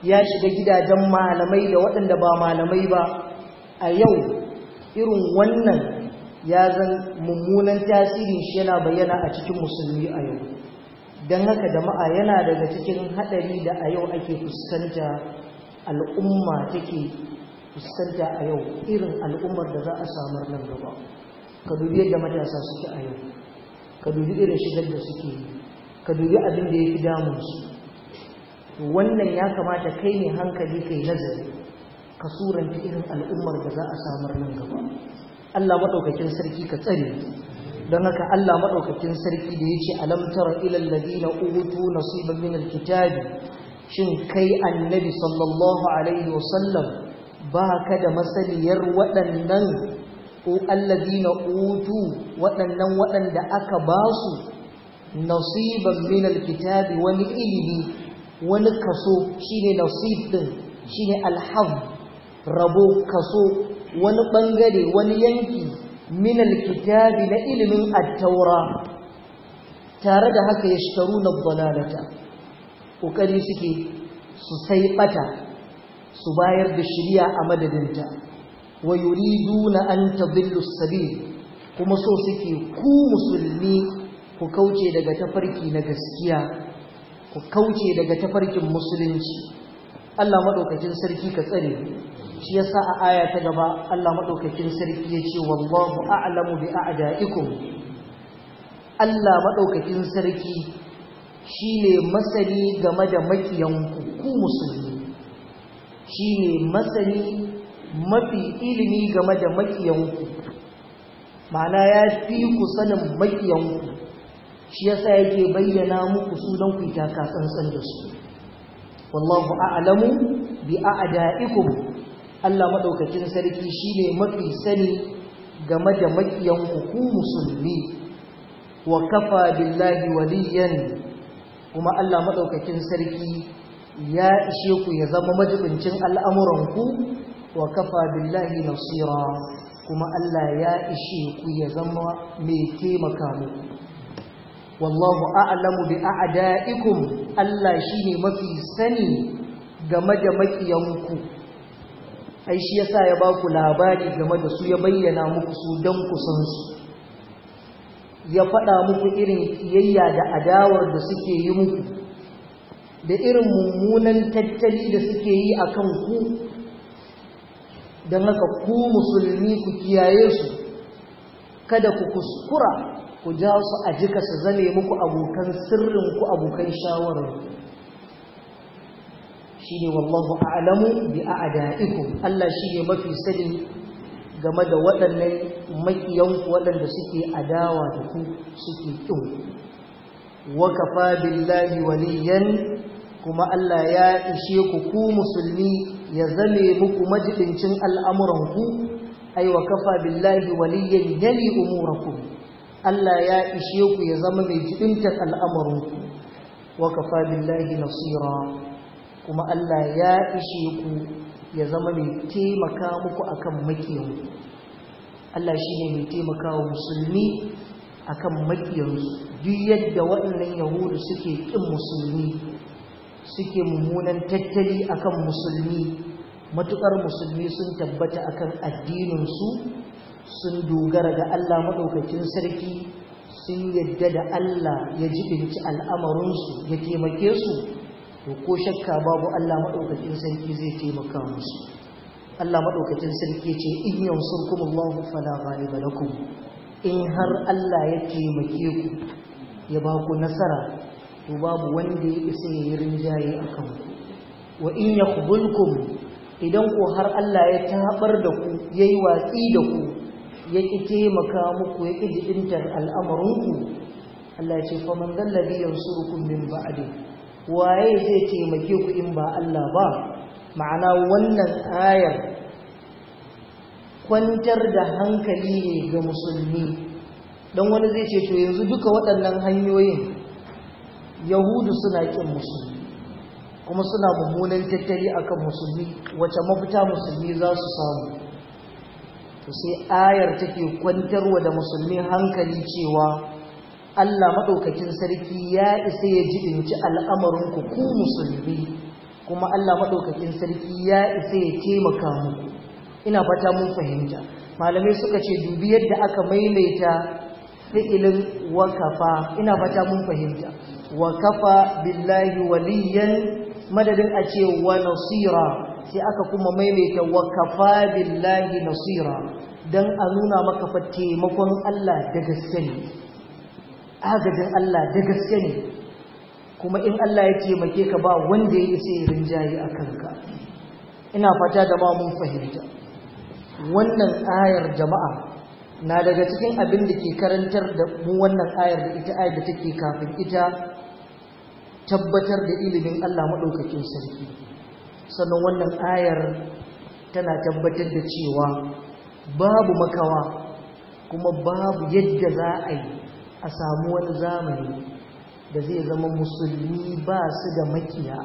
ya shiga gidajen malamai da waɗanda ba malamai ba a yau irin wannan ya zan mummunan tasirin shi yana bayyana a cikin musulmi a yau don haka jama'a yana daga cikin haɗari da a yau ake fuskanta al'umma take fuskanta a yau irin al'ummar da za a samar nan gaba ka dubi yadda matasa suke a yau ka dubi irin shigar da suke yi ka dubi abin da ya fi damunsu wannan ya kamata kai ne hankali kai nazari ka suranta irin al'ummar da za a samar nan gaba Allah maɗaukakin sarki ka tsare don haka Allah maɗaukakin sarki da ya alam tara ilal ladina utu nasiban min alkitabi shin kai annabi sallallahu alaihi wasallam baka da masaniyar waɗannan ko alladina utu waɗannan waɗanda aka basu nasiban min alkitabi wani ilimi wani kaso shine nasib din shine alhab rabo kaso wani ɓangare, wani yanki min alkitabi na ilimin at tare da haka ya na dhalalata ƙoƙari suke su sai bata su bayar da shiriya a madadinta wa na an tadillu sabi kuma so suke ku musulmi ku kauce daga tafarki na gaskiya ku kauce daga tafarkin musulunci Allah maɗaukacin sarki ka tsare shi yasa a aya ta gaba Allah madaukakin sarki ya ce wallahu a'lamu bi a'da'ikum Allah madaukakin sarki shine masani game da makiyanku ku musulmi shine masani mafi ilimi game da makiyanku ma'ana ya fi ku sanin makiyanku shi yasa yake bayyana muku su don ku ta tsantsan da su wallahu a'lamu bi a'da'ikum Allah maɗaukacin sarki shi ne mafi sani game da maƙiyan ku musulmi wa kafa billahi waliyan kuma Allah maɗaukacin sarki ya ishe ku ya zama majibincin al'amuranku wa kafa billahi nasira kuma Allah ya ishe ku ya zama mai taimaka muku wallahu a'lamu bi a'da'ikum Allah shi ne mafi sani game da maƙiyanku ai shi yasa ya ba ku labari game da su ya bayyana muku su don ku san su ya faɗa muku irin kiyayya da adawar da suke yi muku da irin mummunan tattali da suke yi a kan ku don haka ku musulmi ku kiyaye su kada ku kuskura ku ja su a jika su zame muku abokan sirrin ku abokan shawararku shine wallahu a'lamu bi a'da'ikum Allah shine mafi sani game da waɗannan makiyanku waɗanda suke adawa da ku suke kin wa fa billahi waliyan kuma Allah ya ishe ku ku musulmi ya zame muku majibincin al'amuranku ku ai wa kafa billahi waliyan yali umuranku. Allah ya ishe ku ya zama mai jibintar al'amuran wa kafa billahi nasira kuma Allah ya ishe ku ya zama mai taimaka muku akan makiyan Allah shi ne mai taimaka wa musulmi akan makiyansu duk yadda waɗannan yahudu suke ƙin musulmi suke mummunan tattali akan musulmi matuƙar musulmi sun tabbata akan addininsu sun dogara ga Allah maɗaukakin sarki sun yadda da Allah ya jibinci al'amarinsu ya taimake su to ko shakka babu Allah madaukakin sarki zai taimaka musu Allah madaukakin sarki ce in yansurkum Allah fala ghaliba lakum in har Allah ya taimake ku ya ba ku nasara to babu wanda ya isa ya yi rinjaye akan ku wa in yakhbulkum idan ko har Allah ya tabar da ku yayi watsi da ku ya ki taimaka muku ya ki jidintar al'amarinku Allah ya ce fa man yansurukum min ba'dih waye zai taimake ku in ba Allah ba ma'ana wannan ayar kwantar da hankali ne ga musulmi don wani zai ce to yanzu duka waɗannan hanyoyin yahudu suna ƙin musulmi kuma suna mummunan tattali akan musulmi wace mafita musulmi za su samu to sai ayar take kwantarwa da musulmi hankali cewa Allah maɗaukakin sarki ya isa ya ji inci al'amarinku ku musulmi kuma Allah maɗaukakin sarki ya isa ya taimaka muku ina fata mun fahimta malamai suka ce dubi yadda aka maimaita fi'ilin wakafa ina fata mun fahimta wakafa billahi waliyan madadin a ce wa nasira sai aka kuma maimaita wakafa billahi nasira don a nuna maka taimakon Allah da gaske ne agajin Allah da gaske ne kuma in Allah ya taimake ka ba wanda ya isa ya rinjaye a kanka ina fata da ma mun fahimta wannan ayar jama'a na daga cikin abin da ke karantar da mu wannan ayar da ita ayar da take kafin ita tabbatar da ilimin Allah maɗaukakin sarki sannan wannan ayar tana tabbatar da cewa babu makawa kuma babu yadda za a yi a samu wani zamani da zai zama musulmi ba su da makiya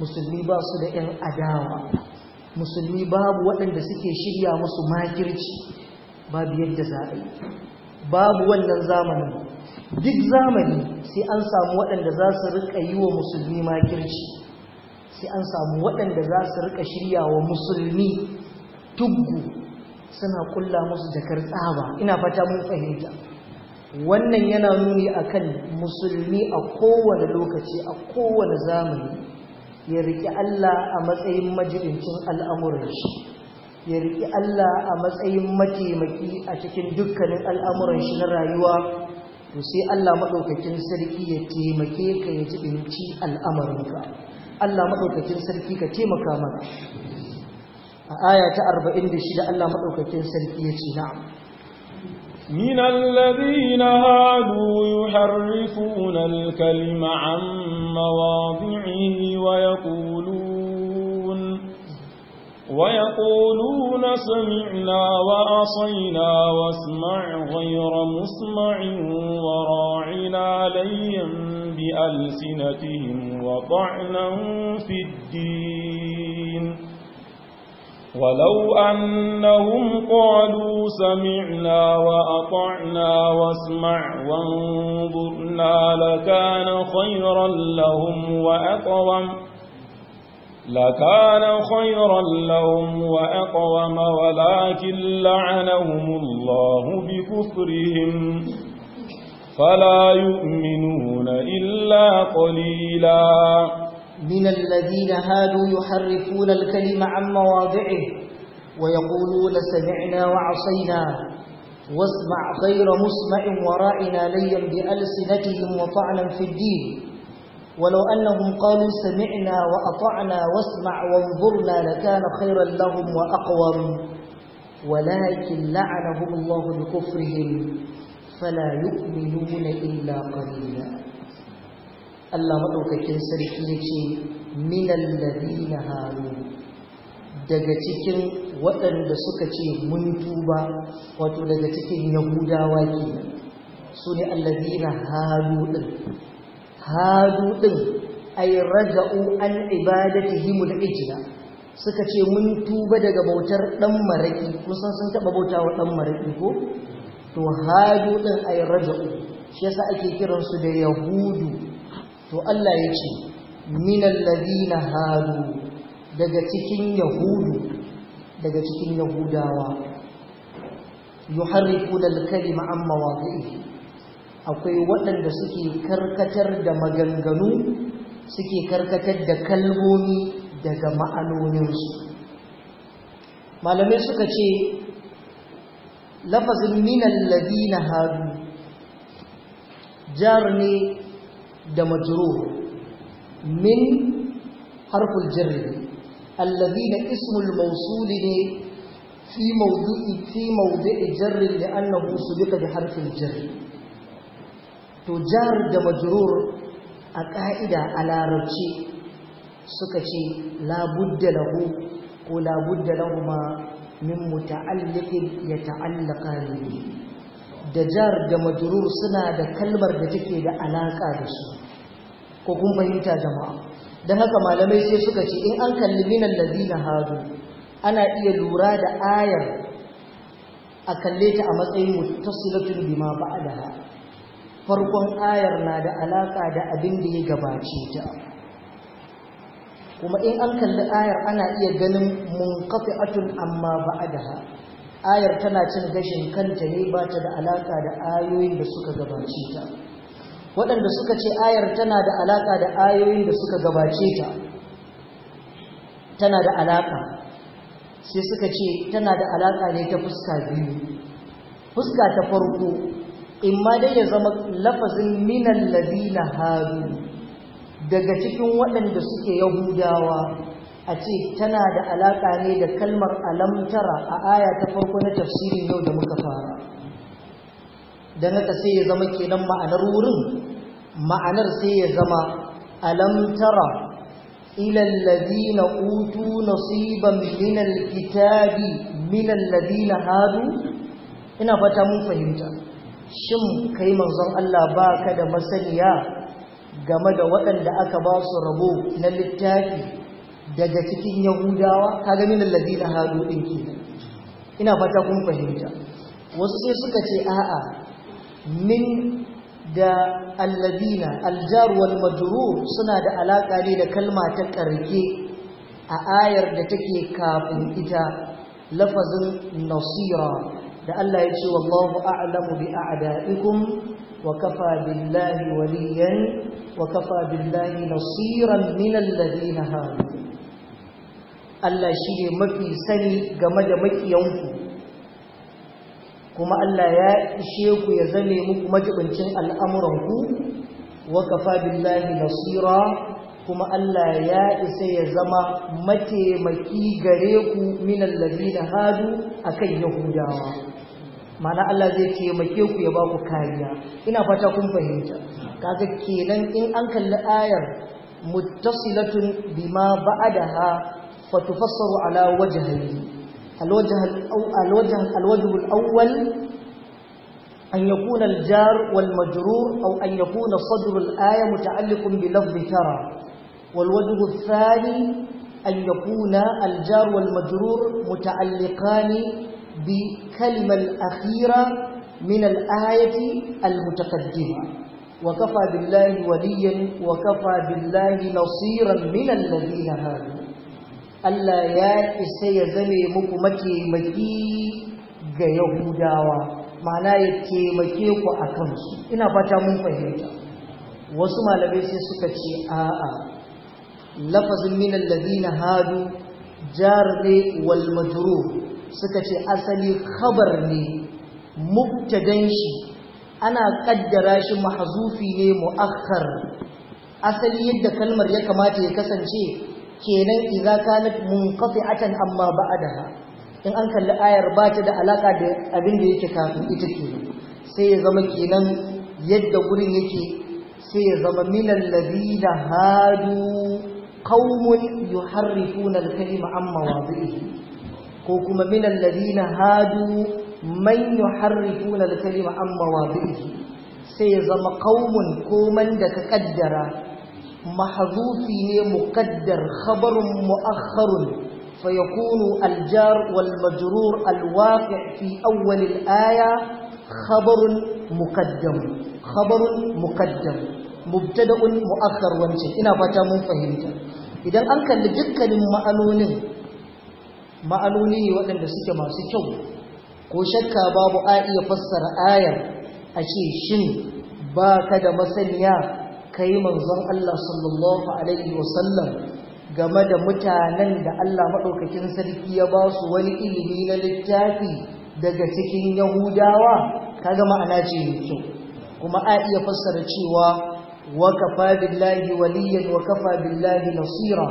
musulmi ba su da 'yan adawa musulmi babu waɗanda suke shirya musu makirci babu yadda za yi babu wannan zamanin duk zamani sai an samu waɗanda za su riƙa yi wa musulmi makirci sai an samu waɗanda za su riƙa shirya wa musulmi tuggu suna kulla musu jakar tsaba ina fata mun fahimta wannan yana nuni akan musulmi a kowane lokaci a kowane zamani ya riƙi Allah a matsayin majalincin al'amuran shi ya riƙi Allah a matsayin mataimaki a cikin dukkanin al'amuran shi na rayuwa to sai Allah maɗaukakin sarki ya taimake ka ya jibinci ka. Allah maɗaukakin sarki ka taimaka mana a aya ta 46 Allah maɗaukakin sarki ya ce na'am من الذين هادوا يحرفون الكلم عن مواضعه ويقولون ويقولون سمعنا وعصينا واسمع غير مسمع وراعنا ليا بألسنتهم وطعنا في الدين ولو أنهم قالوا سمعنا وأطعنا واسمع وانظرنا لكان خيرا لهم وأقوم لكان خيرا لهم وأقوم ولكن لعنهم الله بكفرهم فلا يؤمنون إلا قليلاً من الذين هادوا يحرفون الكلم عن مواضعه ويقولون سمعنا وعصينا واسمع غير مسمع ورائنا ليا بألسنتهم وطعنا في الدين ولو أنهم قالوا سمعنا وأطعنا واسمع وانظرنا لكان خيرا لهم وأقوم ولكن لعنهم الله بكفرهم فلا يؤمنون إلا قليلا Allah maɗaukakin sarki ya ce minal ladina haru daga cikin waɗanda suka ce mun tuba wato daga cikin yahudawa ke su ne alladina haru ɗin haru ɗin ay raga'u an ibadatihim da ijina, suka ce mun tuba daga bautar dan maraki kusan sun taba bautawa dan maraki ko to hadu ɗin ay raja'u shi yasa ake kiransu da yahudu to Allah ya ce minan na hadu daga cikin yahudu daga cikin yahudawa yuharrifuna al-kalima wa mawadhihi akwai waɗanda suke karkatar da maganganu suke karkatar da kalmomi daga ma'anoninsu malamai suka ce lafazin minan ladina hadu jar ne da majruh min harful jarri alladhina ismul mawsul ne fi mawdu'i fi mawdu'i jarri li'annahu subita bi harful jarri to jar da majrur a ka'ida a larabci suka ce labudda lahu ko labudda ma min muta'alliqin yata'allaqa bihi da jar da majurur suna da kalmar da take da alaka da su ko kun fahimta jama'a don haka malamai sai suka ce in an kalli minan lazina hadu ana iya lura da ayar a kalle ta a matsayin mutasilatun bima ba'daha farkon ayar na da alaƙa da abin da ya gabace ta kuma in an kalli ayar ana iya ganin munqati'atun amma ba'daha ayar tana cin gashin kanta ne ba ta da alaka da ayoyin da suka gabace ta waɗanda suka ce ayar tana da alaka da ayoyin da suka gabace ta tana da alaka sai suka ce tana da alaka ne ta fuska biyu fuska ta farko in ma dai ya zama lafazin minan ladina haru daga cikin waɗanda suke yahudawa a ce tana da alaƙa ne da kalmar alamtara a aya ta farko na tafsirin yau da muka fara na ta sai ya zama kenan ma'anar wurin ma'anar sai ya zama alamtara ilal ladina utu nasiban minal kitabi na ladina hadu ina fata mun fahimta shin kai manzon Allah baka da masaniya game da waɗanda aka ba su rabo na littafi daga cikin yahudawa kaga min na hadu din ke ina fata kun fahimta wasu sai suka ce a'a min da alladina aljar wal majrur suna da alaka ne da kalma ta karke a ayar da take kafin ita lafazin nasira da Allah ya ce wallahu a'lamu bi a'da'ikum wa kafa billahi waliyan wa kafa billahi nasiran min alladina hadu Allah shi ne mafi sani game da makiyanku kuma Allah ya ishe ku ya zame muku majibincin al'amuranku wa kafa billahi nasira kuma Allah ya isa ya zama mataimaki gare ku minan lalina hadu a kan yahudawa mana Allah zai taimake ku ya ba ku kariya ina fata kun fahimta kaga kenan in an kalli ayar muttasilatun bima ba'adaha فتفسر على وجهين الوجه الأو الوجه الوجه الأول أن يكون الجار والمجرور أو أن يكون صدر الآية متعلق بلفظ ترى والوجه الثاني أن يكون الجار والمجرور متعلقان بكلمة الأخيرة من الآية المتقدمة وكفى بالله وليا وكفى بالله نصيرا من الذين هادوا Allah ya isa ya zame muku mataimaki ga Yahudawa mana ya taimake ku a kansu ina fata mun fahimta wasu malamai sai suka ce a'a lafazin min alladhina hadu jar ne wal suka ce asali khabar ne mubtadan shi ana kaddara shi mahzufi ne muakkar asali yadda kalmar ya kamata ya kasance kenan idza kanat munqati'atan amma ba'daha in an kalli ayar ba ta da alaka da abin da yake kafin ita ke sai ya zama kenan yadda gurin yake sai ya zama minal ladina hadu qaumun yuharrifuna al-kalima amma wadihi ko kuma minal ladina hadu man yuharrifuna al-kalima amma wadihi sai ya zama qaumun koman da ka kaddara محذوفي مقدر خبر مؤخر فيكون الجار والمجرور الواقع في أول الآية خبر مقدم خبر مقدم مبتدأ مؤخر وانشئ إنا فتا منفهمت إذا أنك لجدك للمألونين ma'anoni waɗanda suke masu kyau ko shakka babu a iya fassara ayar a ce shin ba ka da masaniya kai manzon Allah sallallahu alaihi wasallam game da mutanen da Allah maɗaukakin sarki ya ba su wani ilimi na littafi daga cikin Yahudawa gama ma'ana ce mai kyau kuma a iya fassara cewa Waka kafa billahi waliyan wa kafa billahi nasira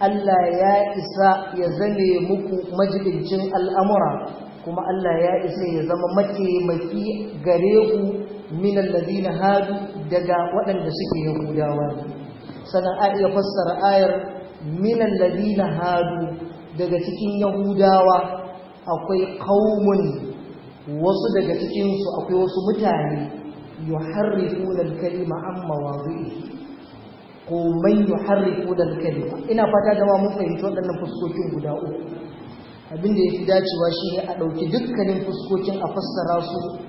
Allah ya isa ya zame muku majalincin al'amura kuma Allah ya isa ya zama mataimaki gare ku min hadu daga waɗanda suke yahudawa sannan a iya fassara ayar minan ladina hadu daga cikin yahudawa akwai kaumun wasu daga cikinsu akwai wasu mutane yuharrifuna al-kalima an mawadhi'i komai harri al-kalima ina fata da mun fahimci waɗannan fuskokin guda uku abin da fi dacewa shine a ɗauki dukkanin fuskokin a fassara su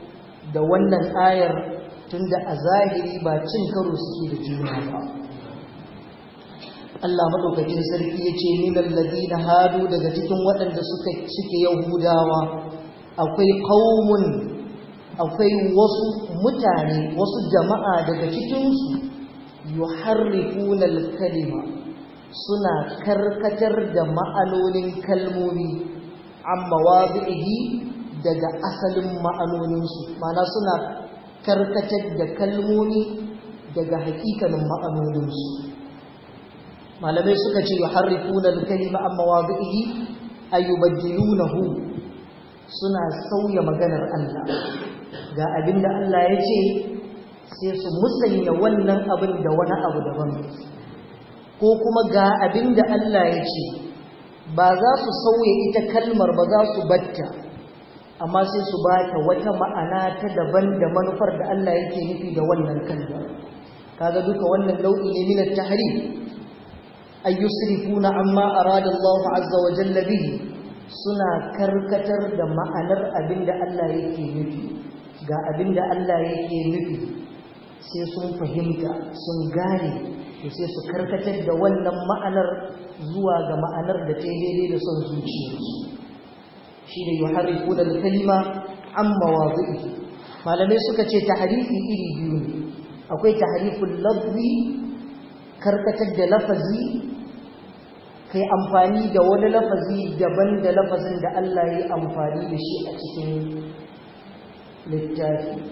da wannan ayar tunda a zahiri ba cin karo suke da juna ba Allah madaukakin sarki ya ce ni lallabi na hadu daga cikin waɗanda suka cike yahudawa akwai ƙaunun akwai wasu mutane wasu jama'a daga cikinsu yuharrifuna al-kalima suna karkatar da ma'anonin kalmomi amma wa daga asalin ma'anoninsu mana suna karkatar da kalmomi daga hakikanin ma'anoninsu malamai suka ce yi harrifuna kalima an Hu suna sauya maganar Allah ga abin da Allah ya ce sai su musanya wannan abin da wani abu daban ko kuma ga abin da Allah ya ce ba za su sauya ita kalmar ba za su batta amma sai su ba ta wata ma'ana ta daban da manufar da Allah yake nufi da wannan kalma kaga duka wannan nau'i ne min at-tahrim ay yusrifuna amma arada Allah azza wa jalla bihi suna karkatar da ma'anar abinda Allah yake nufi ga abinda Allah yake nufi sai sun fahimta sun gane to sai su karkatar da wannan ma'anar zuwa ga ma'anar da ta daidai da son zuciyarsu shine yuharifu al-kalima an mawadhi'i malamai suka ce tahrifi iri biyu ne akwai tahriful lafzi karkatar da lafazi kai amfani da wani lafazi daban da lafazin da Allah ya amfani da shi a cikin littafi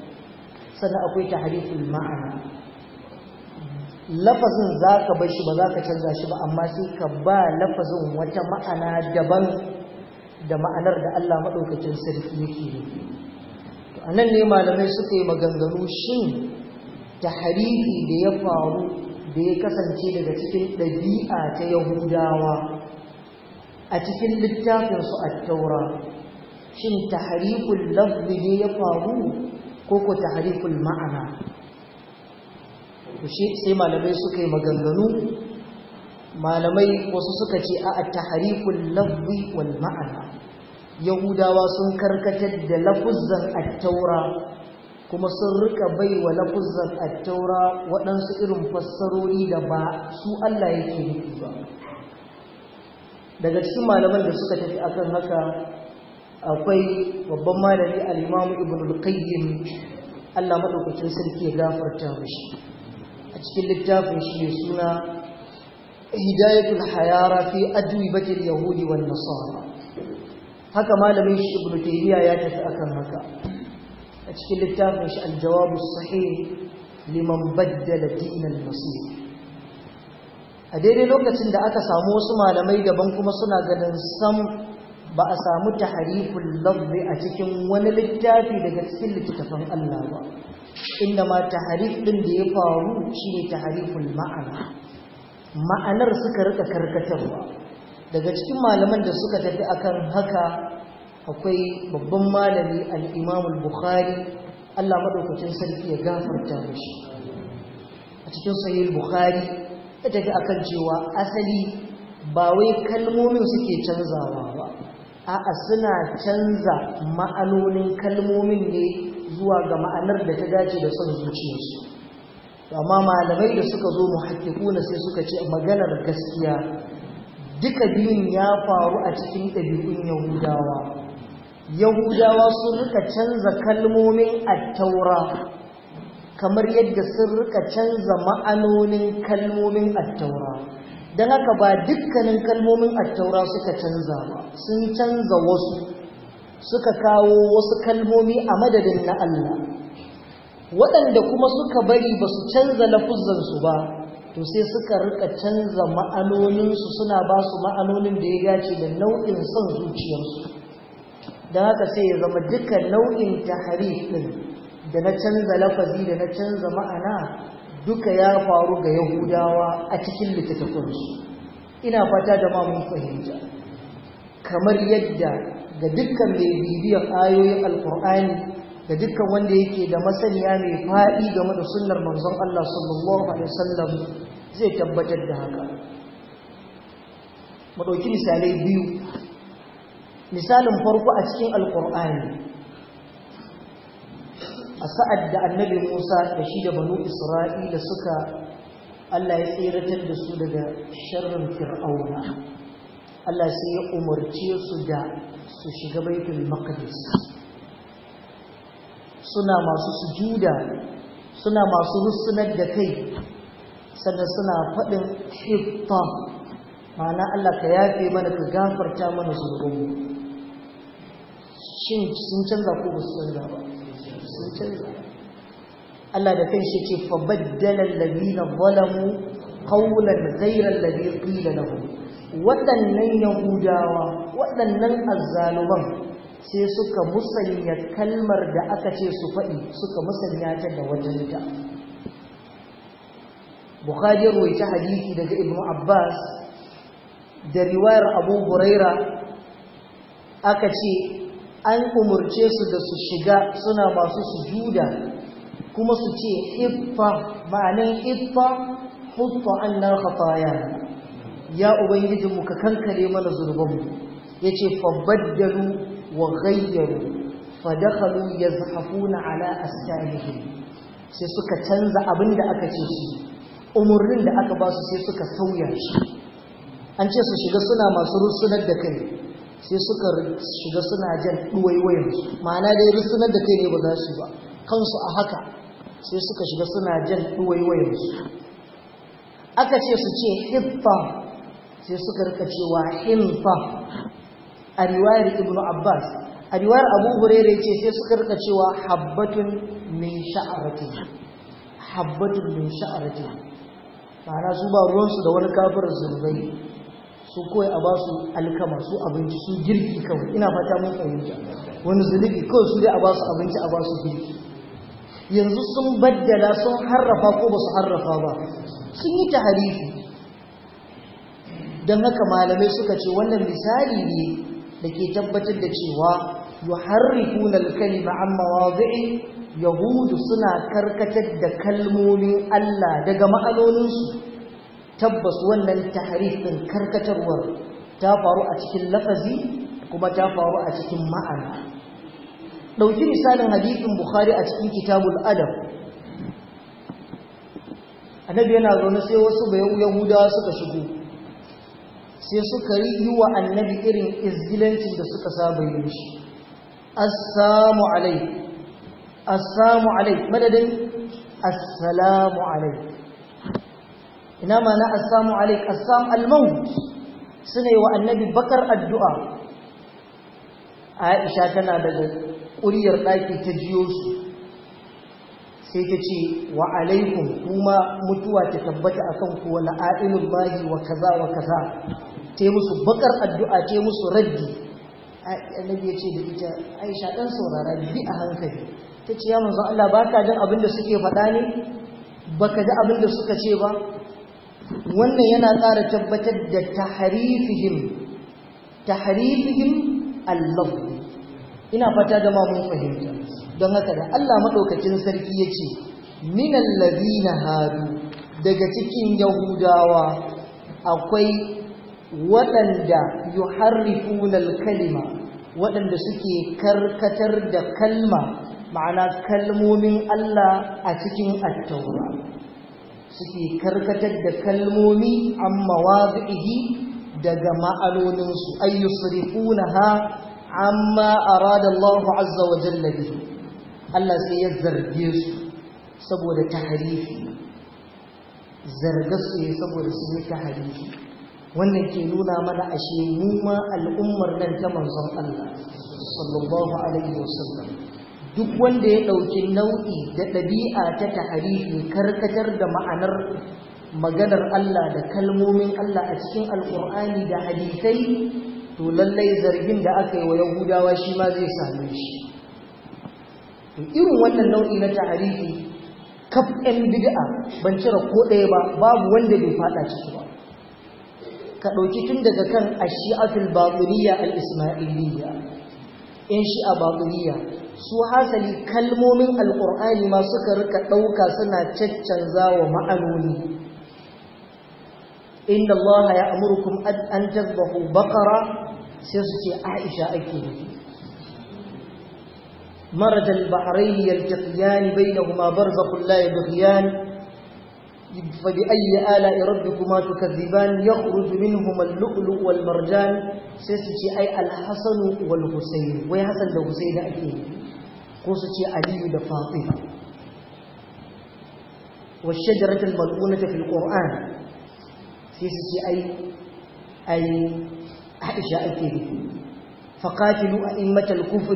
sannan akwai tahriful ma'ana lafazin za ka bar shi ba za ka canza shi ba amma sai ka ba lafazin wata ma'ana daban da ma'anar da Allah maɗaukacin sarki yake nufi to nan ne malamai suka yi maganganu shin tahrifi da ya faru da ya kasance daga cikin ɗabi'a ta yahudawa a cikin littafinsu a taura shin tahriful lafzi ne ya faru ko ko ma'ana to sai malamai suka yi maganganu malamai wasu suka ce a at-tahriful lafzi wal ma'ana yahudawa sun karkatar da lafuzzan at-taura kuma sun rika bai wa lafuzzan at-taura waɗansu irin fassarori da ba su Allah yake nufi ba daga cikin malaman da suka tafi akan haka akwai babban malami al-Imam Ibn al-Qayyim Allah madaukakin sarki ya gafarta mishi a cikin littafin shi suna هداية الحيارى في yahudi اليهود nasara haka malamin shi ibnu tayyiya ya tafi akan haka a cikin littafin shi al jawabu sahih liman baddala din al-masih a daidai lokacin da aka samu wasu malamai daban kuma suna ganin sam ba a samu tahriful lafzi a cikin wani littafi daga cikin littafin Allah ba inda ma tahrif din da ya faru shine tahriful ma'ana ma'anar suka rika karkatarwa daga cikin malaman da suka tafi akan haka akwai babban malami al-Imam bukhari Allah madaukakin sarki ya gafarta mishi a cikin sahih al-Bukhari ya tafi akan cewa asali ba wai kalmomin suke canzawa ba a'a suna canza ma'anonin kalmomin ne zuwa ga ma'anar da ta dace da son zuciyarsu amma malamai da suka zo muhakkikuna sai suka ce maganar gaskiya duka biyun ya faru a cikin ɗabi'un yahudawa yahudawa sun rika canza kalmomin attaura kamar yadda sun rika canza ma'anonin kalmomin attaura don haka ba dukkanin kalmomin attaura suka canza ba sun canza wasu suka kawo wasu kalmomi a madadin na Allah waɗanda kuma suka bari ba su canza su ba to sai suka rika canza ma'anoninsu suna ba su ma'anonin da ya dace da nau'in son zuciyarsu don haka sai ya zama duka nau'in taharif ɗin da na canza lafazi da na canza ma'ana duka ya faru ga yahudawa a cikin littattafansu ina fata da ma mun fahimta kamar yadda ga dukkan mai bibiyar ayoyin alkur'ani da dukkan wanda yake da masaniya mai faɗi game da sunnar manzon Allah sallallahu alaihi wasallam zai tabbatar da haka Maɗauki misalai biyu misalin farko a cikin alkur'ani a sa'ad da annabi musa da shi da banu isra'ila suka allah ya tseratar da su daga sharrin fir'auna allah sai ya umarce su da su shiga baitul maqdis suna masu sujuda suna masu rusunar da kai sannan suna faɗin hifta ma'ana Allah ka yafe mana ka gafarta mana zurgunmu shin sun canza ko ba su canza ba sun canza Allah da kan shi ce fa baddala alladhina zalamu zairar ghayra alladhi na lahum waɗannan yahudawa waɗannan azzaluman sai suka musanya kalmar da aka ce su faɗi suka musanya ta da wajenta bukhari ya ta hadisi daga ibnu abbas da riwayar abu huraira aka ce an umurce su da su shiga suna masu sujuda kuma su ce iffa ma'anin hutu an annar khataya ya ubangijinmu ka kankare mana zurbanmu yace fabaddalu وغيروا فدخلوا يزحفون على أستانهم sai suka canza abin da aka ce umarnin da aka basu su sai suka sauya an ce su shiga suna masu rusunar da kai sai suka shiga suna jan ɗuwaiwayensu ma'ana dai rusunar da kai ne ba za su ba kansu a haka sai suka shiga suna jan ɗuwaiwayensu aka ce su ce hiffa sai suka rika cewa himfa a riwayar ibn abbas a riwayar abu hurere ce sai suka rika cewa habbatun min sha'aratin habbatun min sha'aratin ma'ana su ba ruwansu da wani kafir zurbai su koyi a ba su alkama su abinci su girki kawai ina fata mun fahimta wani zulubi kawai su dai a ba su abinci a ba su girki yanzu sun baddala sun harrafa ko ba su harrafa ba sun yi ta harifi don haka malamai suka ce wannan misali ne da ke tabbatar da cewa yuharrifuna al-kalima an yahudu suna karkatar da kalmomin Allah daga ma'anoninsu tabbas wannan tahrifin karkatarwar ta faru a cikin lafazi kuma ta faru a cikin ma'ana dauki misalin hadisin bukhari a cikin kitabul adab annabi yana zaune sai wasu yahudawa suka shigo sai suka yi wa annabi irin izgilancin da suka saba yi shi assalamu alai Assamu alai madadin assalamu alai ina mana assalamu alai assam al-maut sune wa annabi bakar addu'a Aisha tana daga ƙuriyar ɗaki ta jiyo su sai ta ce wa alaikum kuma mutuwa ta tabbata akan kuwa wa la'ainul wa kaza wa kaza ta yi musu bakar addu'a ta yi musu raddi annabi ya ce da ita aisha ɗan saurara bi a hankali ta ce ya manzon Allah ba ka jan abin da suke faɗa ne ba ka ji abin da suka ce ba wannan yana ƙara tabbatar da taharifihim taharifihim Allah ina fata da ma mun fahimta don haka da Allah maɗaukacin sarki ya ce na haru daga cikin yahudawa akwai waɗanda yuharrifuna al-kalima waɗanda suke karkatar da kalma ma'ana kalmomin Allah a cikin at suke karkatar da kalmomi an mawadhihi daga ma'anonin su ayyusrifunaha amma arada Allah azza wa jalla bihi Allah sai ya zarge su saboda tahrifi zarga su saboda su yi tahrifi wannan ke nuna mana ashe mu ma al'ummar nan ta manzon Allah sallallahu alaihi wasallam duk wanda ya dauki nau'i da ɗabi'a ta tahrifi karkatar da ma'anar maganar Allah da kalmomin Allah a cikin alqur'ani da hadisai to lallai zargin da aka yi wa yahudawa shi ma zai same shi irin wannan nau'i na tahrifi kaf ɗan bid'a ban cire ko ɗaya ba babu wanda bai faɗa ciki ba ka ɗauki tun daga kan ashi'atul baƙuriya al-ismailiyya in shi'a baburiya su hasali kalmomin alƙur'ani masu suka rika ɗauka suna caccanza wa ma'anoni inda Allah ya amurkum an tazbahu baƙara sai su ce aisha ake nufi مرج البحرين يلتقيان بينهما برزخ لا يبغيان فبأي آلاء ربكما تكذبان يخرج منهما اللؤلؤ والمرجان سيسكي أي الحسن والحسين ويا حسن ده حسين أكيد قوسكي علي ده فاطمة والشجرة الملعونة في القرآن سيسكي أي أي عائشة أكيد فقاتلوا أئمة الكفر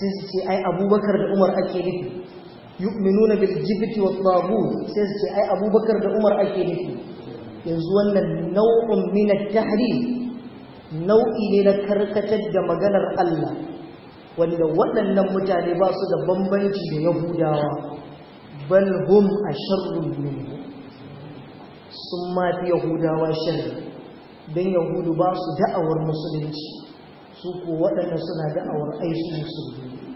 سيسكي أي أبو بكر عمر أكيد yu'minuna bil jibti wat tagut sai su ce ai abubakar da umar ake nufi yanzu wannan nau'un min at nau'i ne na karkatar da maganar Allah wanda waɗannan mutane ba su da bambanci da yahudawa bal hum asharrun minhum sun ma fi yahudawa sharri don yahudu ba su da'awar musulunci su ko waɗanda suna da'awar aishi musulmi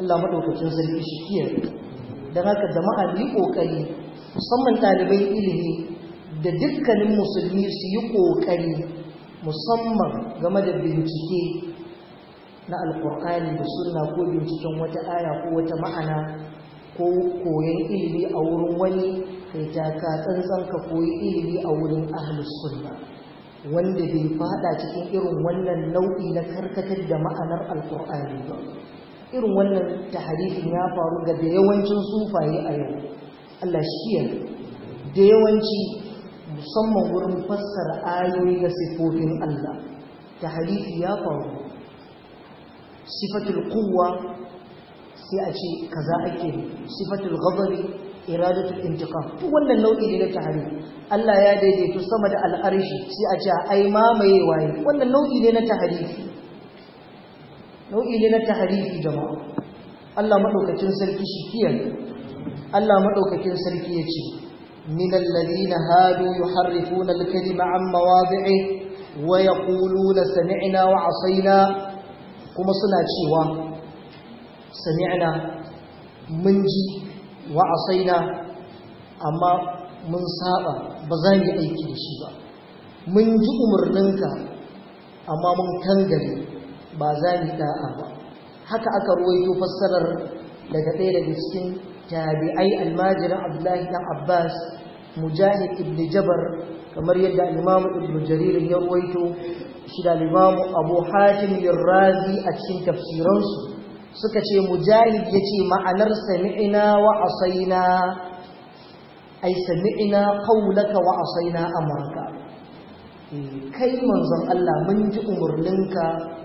Allah madaukakin zargi shi kiyaye Don haka jama'a yi ƙoƙari, musamman ɗalibai ilimi da dukkanin musulmi su yi ƙoƙari musamman game da bincike na alkur'ani da suna ko binciken wata aya ko wata ma'ana ko koyon ilimi a wurin wani kai taka tsantsan ka koyi ilimi a wurin ahlus sunna wanda bai fada cikin irin wannan nau'i na karkatar da ma'anar alkur'ani ba irin wannan tahalifin ya faru ga da yawancin sufaye a yau Allah shi ya da yawanci musamman wurin fassara ayoyi na sifofin Allah taharifi ya faru sifatul quwwa sai a ce kaza ake sifatul ghadari iradatul intiqam to wannan nau'i ne na tahrif Allah ya daidaito sama da al'arshi sai a ce ai mamaye waye wannan nau'i ne na tahrifi nau'i ne na taharifi jama'a Allah madaukakin sarki shi kiyaye Allah madaukakin sarki yace min alladhina hadu yuharrifuna al-kalima an mawadi'i wa yaquluna sami'na wa 'asayna kuma suna cewa sami'na mun ji wa 'asayna amma mun saba ba za mu yi aiki da shi ba mun ji umarninka amma mun kangare ba za mu da'a ba haka aka ruwaito fassarar daga ɗaya daga cikin tabi'ai almajirin abdullahi dan abbas mujahid ibn jabar kamar yadda imamu ibn jarir ya ruwaito shi da imamu abu hatim razi a cikin tafsiransu suka ce mujahid ya ce ma'anar sami'ina wa asaina ai sami'ina qaulaka wa asaina eh, kai manzon Allah mun ji umarninka.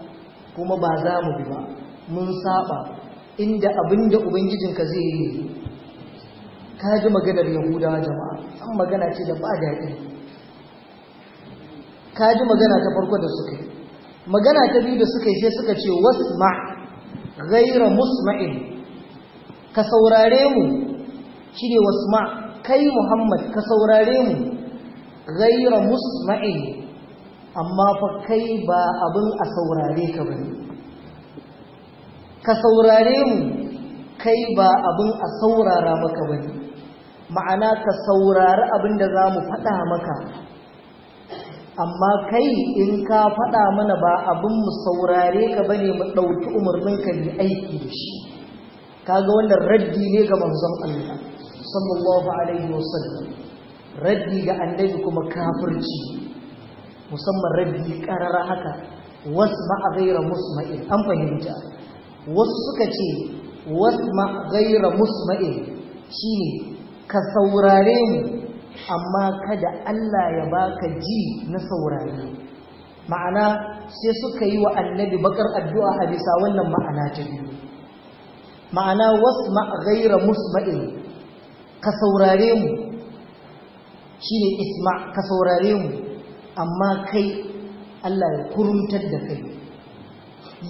kuma ba za mu bi ba mun saba inda abin da ubangijinka zai yi ka ji maganar yahudawa jama'a an magana ce da ba daɗi ka ji magana ta farko da suka yi magana ta biyu da suka yi sai suka ce wasma gaira musma'in ka saurare mu shine wasma kai muhammad ka saurare mu ghaira musma'in amma fa kai ba abin a saurare ka ba ka saurare mu kai ba abin a saurara maka ba ma'ana ka saurari abin da za mu faɗa maka amma kai in ka faɗa mana ba abin mu saurare ka ba ne mu ɗauki umarninka ne aiki da shi ga wannan raddi ne ga manzon Allah sallallahu alaihi wasallam raddi ga annabi kuma kafirci musamman rabbi karara haka wasu ma'agaira musma'in an fahimta wasu suka ce wasu ma'agaira musma'in shi ne ka saurare mu amma kada Allah ya baka ji na saurare ma'ana sai suka yi wa annabi bakar addu'a a bisa wannan ma'ana ta biyu ma'ana wasu ma'agaira musma'in ka saurare mu shi ne isma ka saurare mu amma kai Allah ya kurumtar da kai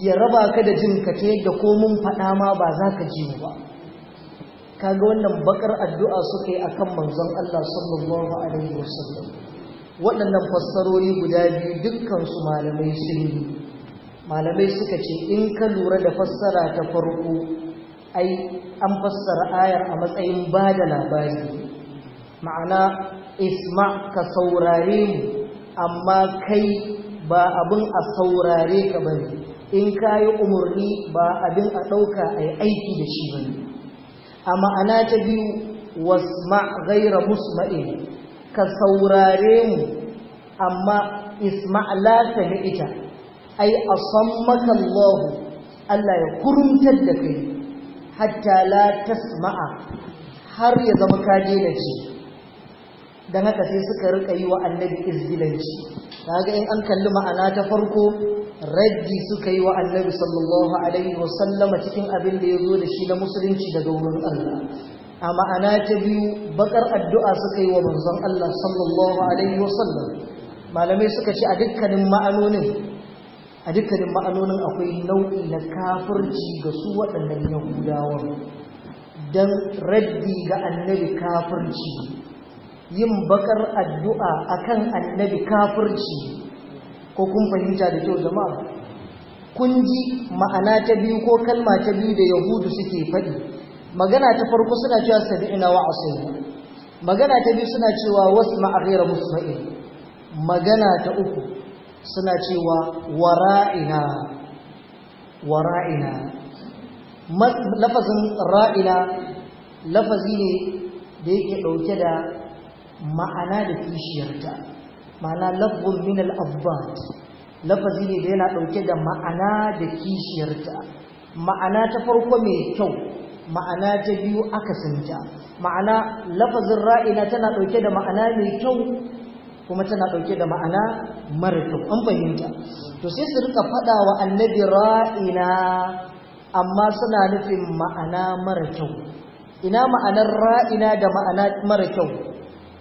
ya raba ka da jin ka ta yadda ko mun faɗa ma ba za ka ji ba kaga wannan bakar addu'a suka yi akan manzon Allah sallallahu alaihi wasallam waɗannan fassarori guda biyu dukkan su malamai sun yi malamai suka ce in ka lura da fassara ta farko ai an fassara ayar a matsayin ba da labari ma'ana isma ka saurare mu amma kai ba abin a saurare ka bane in ka yi umarni ba abin a ɗauka a yi aiki da shi bane a ma'ana ta biyu wasma gaira musma'in ka saurare mu amma isma la ita ai a san maka Allah ya kurumtar da kai hatta la tasma'a har ya zama kaje da shi Da haka sai suka rika yi wa annabi izgilanci ga in an kalli ma'ana ta farko raddi suka yi wa annabi sallallahu alaihi wasallama cikin abin da ya zo da shi na musulunci daga wurin Allah a ma'ana ta biyu bakar addu'a suka yi wa manzon Allah sallallahu alaihi sallam. malamai suka ce a dukkanin ma'anonin a dukkanin ma'anonin akwai nau'i na kafirci ga su waɗannan yahudawan don raddi ga annabi kafirci yin bakar addu'a a kan annabi kafirci ko kun fahimta da kyau jama'a kun ji ma'ana ta biyu ko kalma ta biyu da yahudu suke faɗi magana ta farko suna cewa sabi'ina wa asai magana ta biyu suna cewa wasu ma'arira musma'in magana ta uku suna cewa wara'ina wara'ina lafazin ra'ina lafazi ne da yake ɗauke da ma'ana da kishiyarta ma'ana lafzun min al-abbat lafazi ne da yana dauke da ma'ana da kishiyarta ma'ana ta farko mai kyau ma'ana ta biyu akasinta ma'ana lafazin ra'ina tana dauke da ma'ana mai kyau kuma tana dauke da ma'ana mara kyau an fahimta to sai su rika fada wa annabi ra'ina amma suna nufin ma'ana mara kyau ina ma'anar ra'ina da ma'ana mara kyau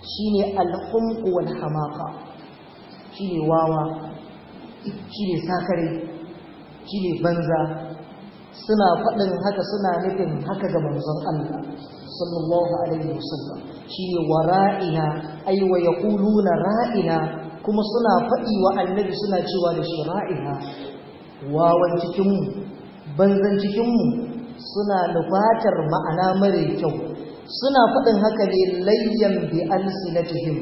Shi ne humqu wal hamaqa ne wawa shine sakare ne banza suna faɗin haka suna nufin haka ga manzon Allah sallallahu alaihi wasallam shine wara'ina ay wa yaquluna ra'ina kuma suna faɗi wa annabi suna cewa da shi ra'ina wawan cikin mu banzan cikin mu suna lufatar ma'ana mare kyau suna faɗin haka ne layyan bi alsinatihim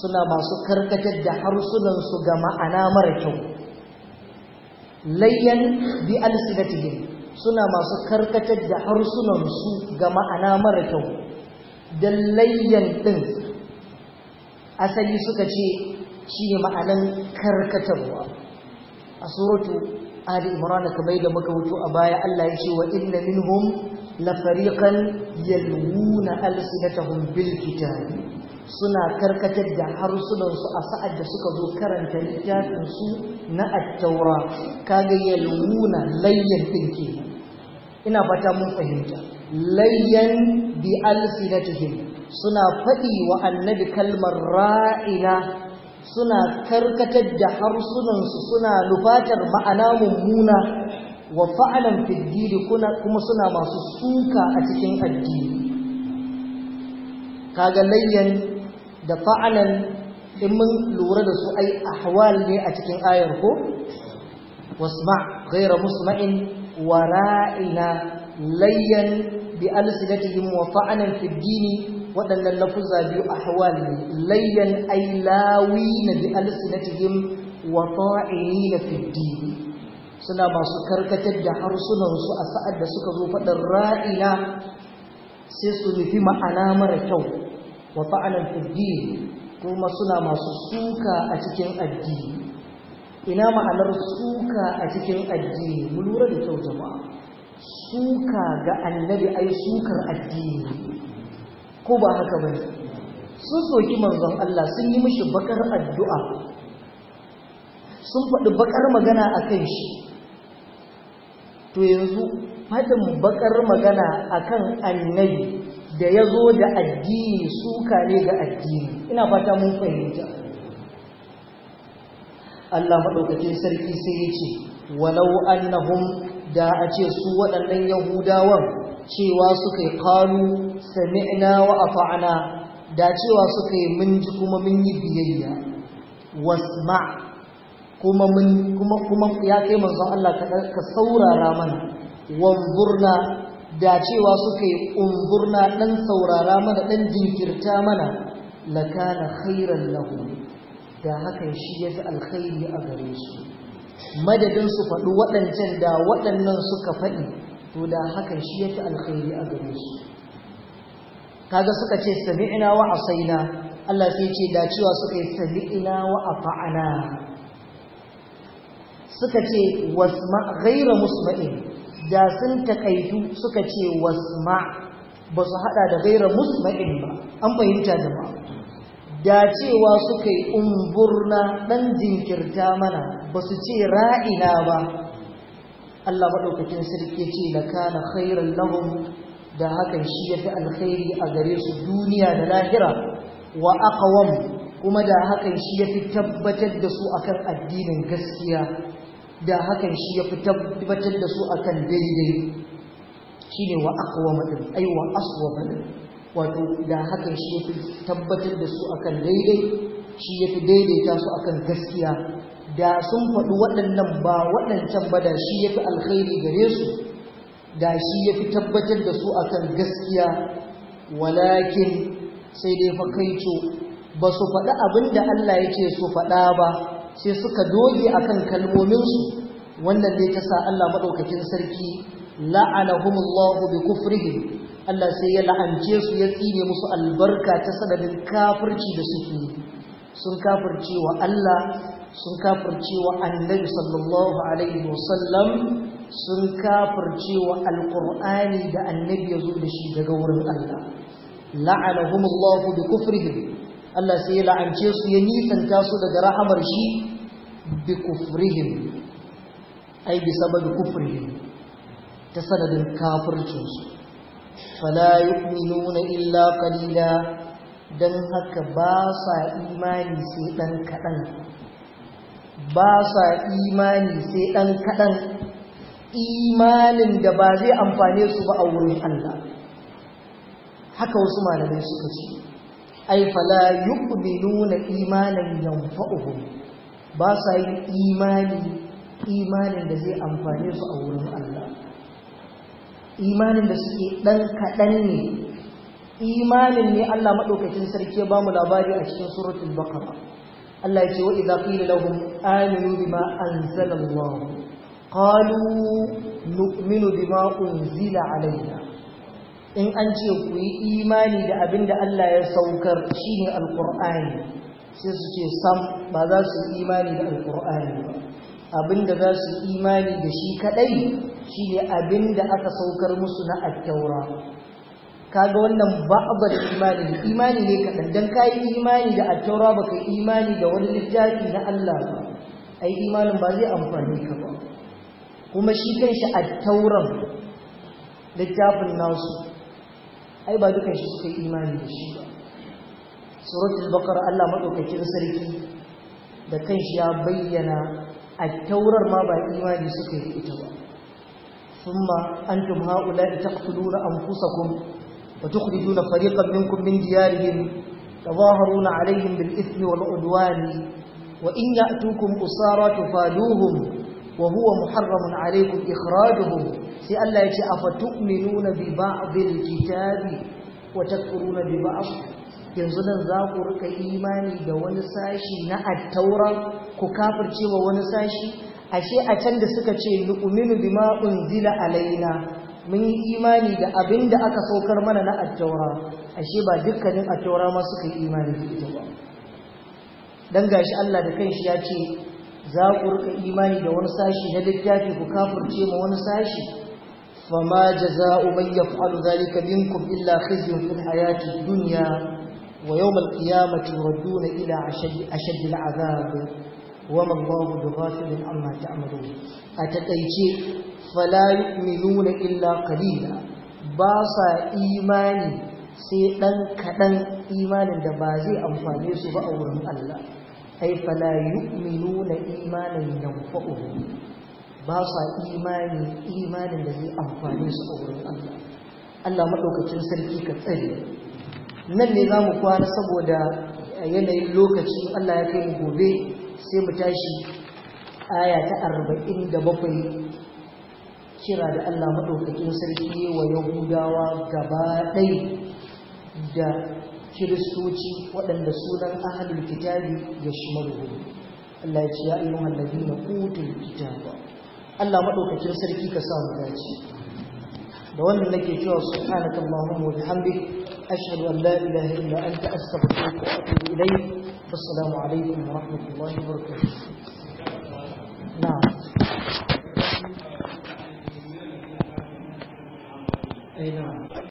suna masu karkatar da harsunansu ga ma'ana mara kyau layyan bi alsinatihim suna masu karkatar da harsunansu ga ma'ana mara kyau dan layyan din asali suka ce shi ne ma'anan karkatarwa a suratu ali imran kamar da muka wuto a baya Allah ya ce wa inna minhum لفريقا يلوون ألسنتهم بالكتاب suna karkatar da harsunansu a sa'ad da suka zo karanta su na attaura kaga yalwuna layyan ɗinke ina fata mun fahimta layyan bi alsinatihim suna faɗi wa annabi kalmar ra'ina suna karkatar da harsunansu suna lufatar ma'ana mummuna wa fa'alan fiddiri kuma suna masu suka a cikin addini kaga layyan da fa'alan in mun lura da su ai ahwal ne a cikin ayar ko wasma ghayra musma'in wara'ina layyan bi alsinatihim wa fa'alan fiddiri waɗannan lafuza biyu ahwal ne layyan lawi lawina bi alsinatihim wa na fiddiri suna masu karkatar da harsunansu a sa'ad da suka zo faɗin ra'ina sai su nufi ma'ana mara kyau wa fa’anar fiddi kuma suna masu suka a cikin addini ina ma'anar suka a cikin addini mu lura da kyau jama'a suka ga annabi ai sukar addini ko ba haka ba sun soki manzon Allah sun yi mishi bakar addu'a sun faɗi bakar magana a kan shi to yanzu faɗin bakar magana akan annabi da ya zo da addini suka ne ga addini ina fata mun fahimta Allah maɗaukakin sarki sai ya ce walau annahum da a ce su waɗannan yahudawan cewa suka yi kalu sami'na wa afa'ana da cewa suka yi mun ji kuma mun yi biyayya wasma' kuma mun kuma kuma ya kai manzon Allah ka saurara mana wanzurna da cewa suka yi unzurna dan saurara mana dan jinkirta mana lakana khairan lahum da hakan shi ya fi alkhairi a gare su madadin su faɗi waɗancan da waɗannan suka faɗi to da hakan shi ya fi alkhairi a gare su kaga suka ce sami'na wa asaina Allah sai ce da cewa suka yi sami'na wa afa'ana suka ce wasma ghaira musma'in da sun takaitu suka ce wasma ba su hada da ghaira musma'in ba an fahimta jama'a da cewa suka yi umburna dan jinkirta mana ba su ce ra'ina ba Allah maɗaukakin sarki ce da kana khairan lahum da hakan shi ya fi alkhairi a gare su duniya da lahira wa aqwam kuma da hakan shi ya fi tabbatar da su akan addinin gaskiya da hakan shi ya fi tabbatar da su akan daidai shi ne wa aqwama din ai wa aswaba wato da hakan shi ya fi tabbatar da su akan daidai shi ya fi daidaita su akan gaskiya da sun faɗi waɗannan ba waɗancan ba da shi ya fi alkhairi gare su da shi ya fi tabbatar da su akan gaskiya walakin sai dai fa kai ba su faɗi abin da Allah yake su faɗa ba sai suka doge akan kalmominsu wannan ne ta sa Allah maɗaukakin sarki la'anahumullahu bi kufrihim Allah sai ya la'ance su ya tsine musu albarka ta sanadin kafirci da suke sun kafirce wa Allah sun kafirce wa annabi sallallahu alaihi wasallam sun kafirce wa alqur'ani da annabi zo da shi daga wurin Allah la'anahumullahu bi kufrihim Allah sai ya la'ance su ya nisanta su daga rahamar shi bi kufrihim ai bi sababi kufrihim ta sanadin kafircin su fala yu'minuna illa qalila dan haka ba sa imani sai dan kadan ba sa imani sai dan kadan imanin da ba zai amfane su ba a wurin Allah haka wasu malamai suka ce ai fala yuqbiluna imanan yanfa'uhum ba sa yin imani imanin da zai amfane su a wurin Allah imanin da suke dan kadan ne imanin ne Allah madaukakin sarki ya bamu labari a cikin suratul baqara Allah ya ce wa idza qila lahum aminu bima anzala Allah qalu nu'minu bima unzila alaina in an ce ku yi imani da abin da Allah ya saukar shi ne alƙur'ani sai su ce sam ba za su yi imani da alƙur'ani ba abin da za su yi imani da shi kaɗai shi ne abin da aka saukar musu na attaura kaga wannan ba'abar imani ne imani ne kaɗan don ka yi imani da attaura ba ka imani da wani littafi na Allah ba ai imanin ba zai amfani ka ba kuma shi kanshi attauran littafin nasu ai ba dukan shi suka yi imani da shi ba suratul baqara Allah madaukakin sarki da kanshi ya bayyana a taurar ma ba imani suka yi ita ba thumma antum haula'i taqtuluna anfusakum wa tukhrijuna fariqan minkum min diyarihim تظاهرون عليهم بالإثم wa وإن يأتوكم usara tufaduhum wa huwa muharramun alaikum ikhrajuhum sai Allah yace afatu'minuna bi ba'dil kitabi wa takfuruna bi ba'd yanzu nan za ku rika imani da wani sashi na at-taura ku kafirce wa wani sashi ashe a can da suka ce nu'minu bima unzila alaina mun yi imani da abin da aka saukar mana na at-taura ashe ba dukkanin at-taura ma suka yi imani da ita ba dan gashi Allah da kanshi ya ce za ku rika imani da wani sashi na littafi ku kafurce ma wani sashi fama jaza'u man yaf'alu dhalika minkum illa khizyun fil hayati dunya wa yawm al-qiyamati yuraduna ila ashaddi al-'adhab wa ma Allahu bighafilin amma ta'malun a taƙaice, fala yu'minuna illa qalila ba sa imani sai dan kadan imanin da ba zai amfane su ba a wurin Allah ai fala yu'minuna imanan yanfa'uhum ba sa imani imanin da zai amfani su a wurin Allah Allah madaukakin sarki ka tsare nan ne zamu kwana saboda yanayin lokaci Allah ya kai mu gobe sai mu tashi aya ta 47 kira da Allah madaukakin sarki wa Yahudawa gaba ɗaya da kiristoci waɗanda sunan ahalin kitabi ya shimarhu Allah ya ce ya ayyuhan alladhina utul kitaba Allah maɗaukacin sarki ka sa mu dace da wannan nake cewa subhanaka allahumma wa bihamdik ashhadu an la ilaha illa anta astaghfiruka wa atubu ilayk assalamu alaikum wa rahmatullahi wa barakatuh na'am eh, Amen.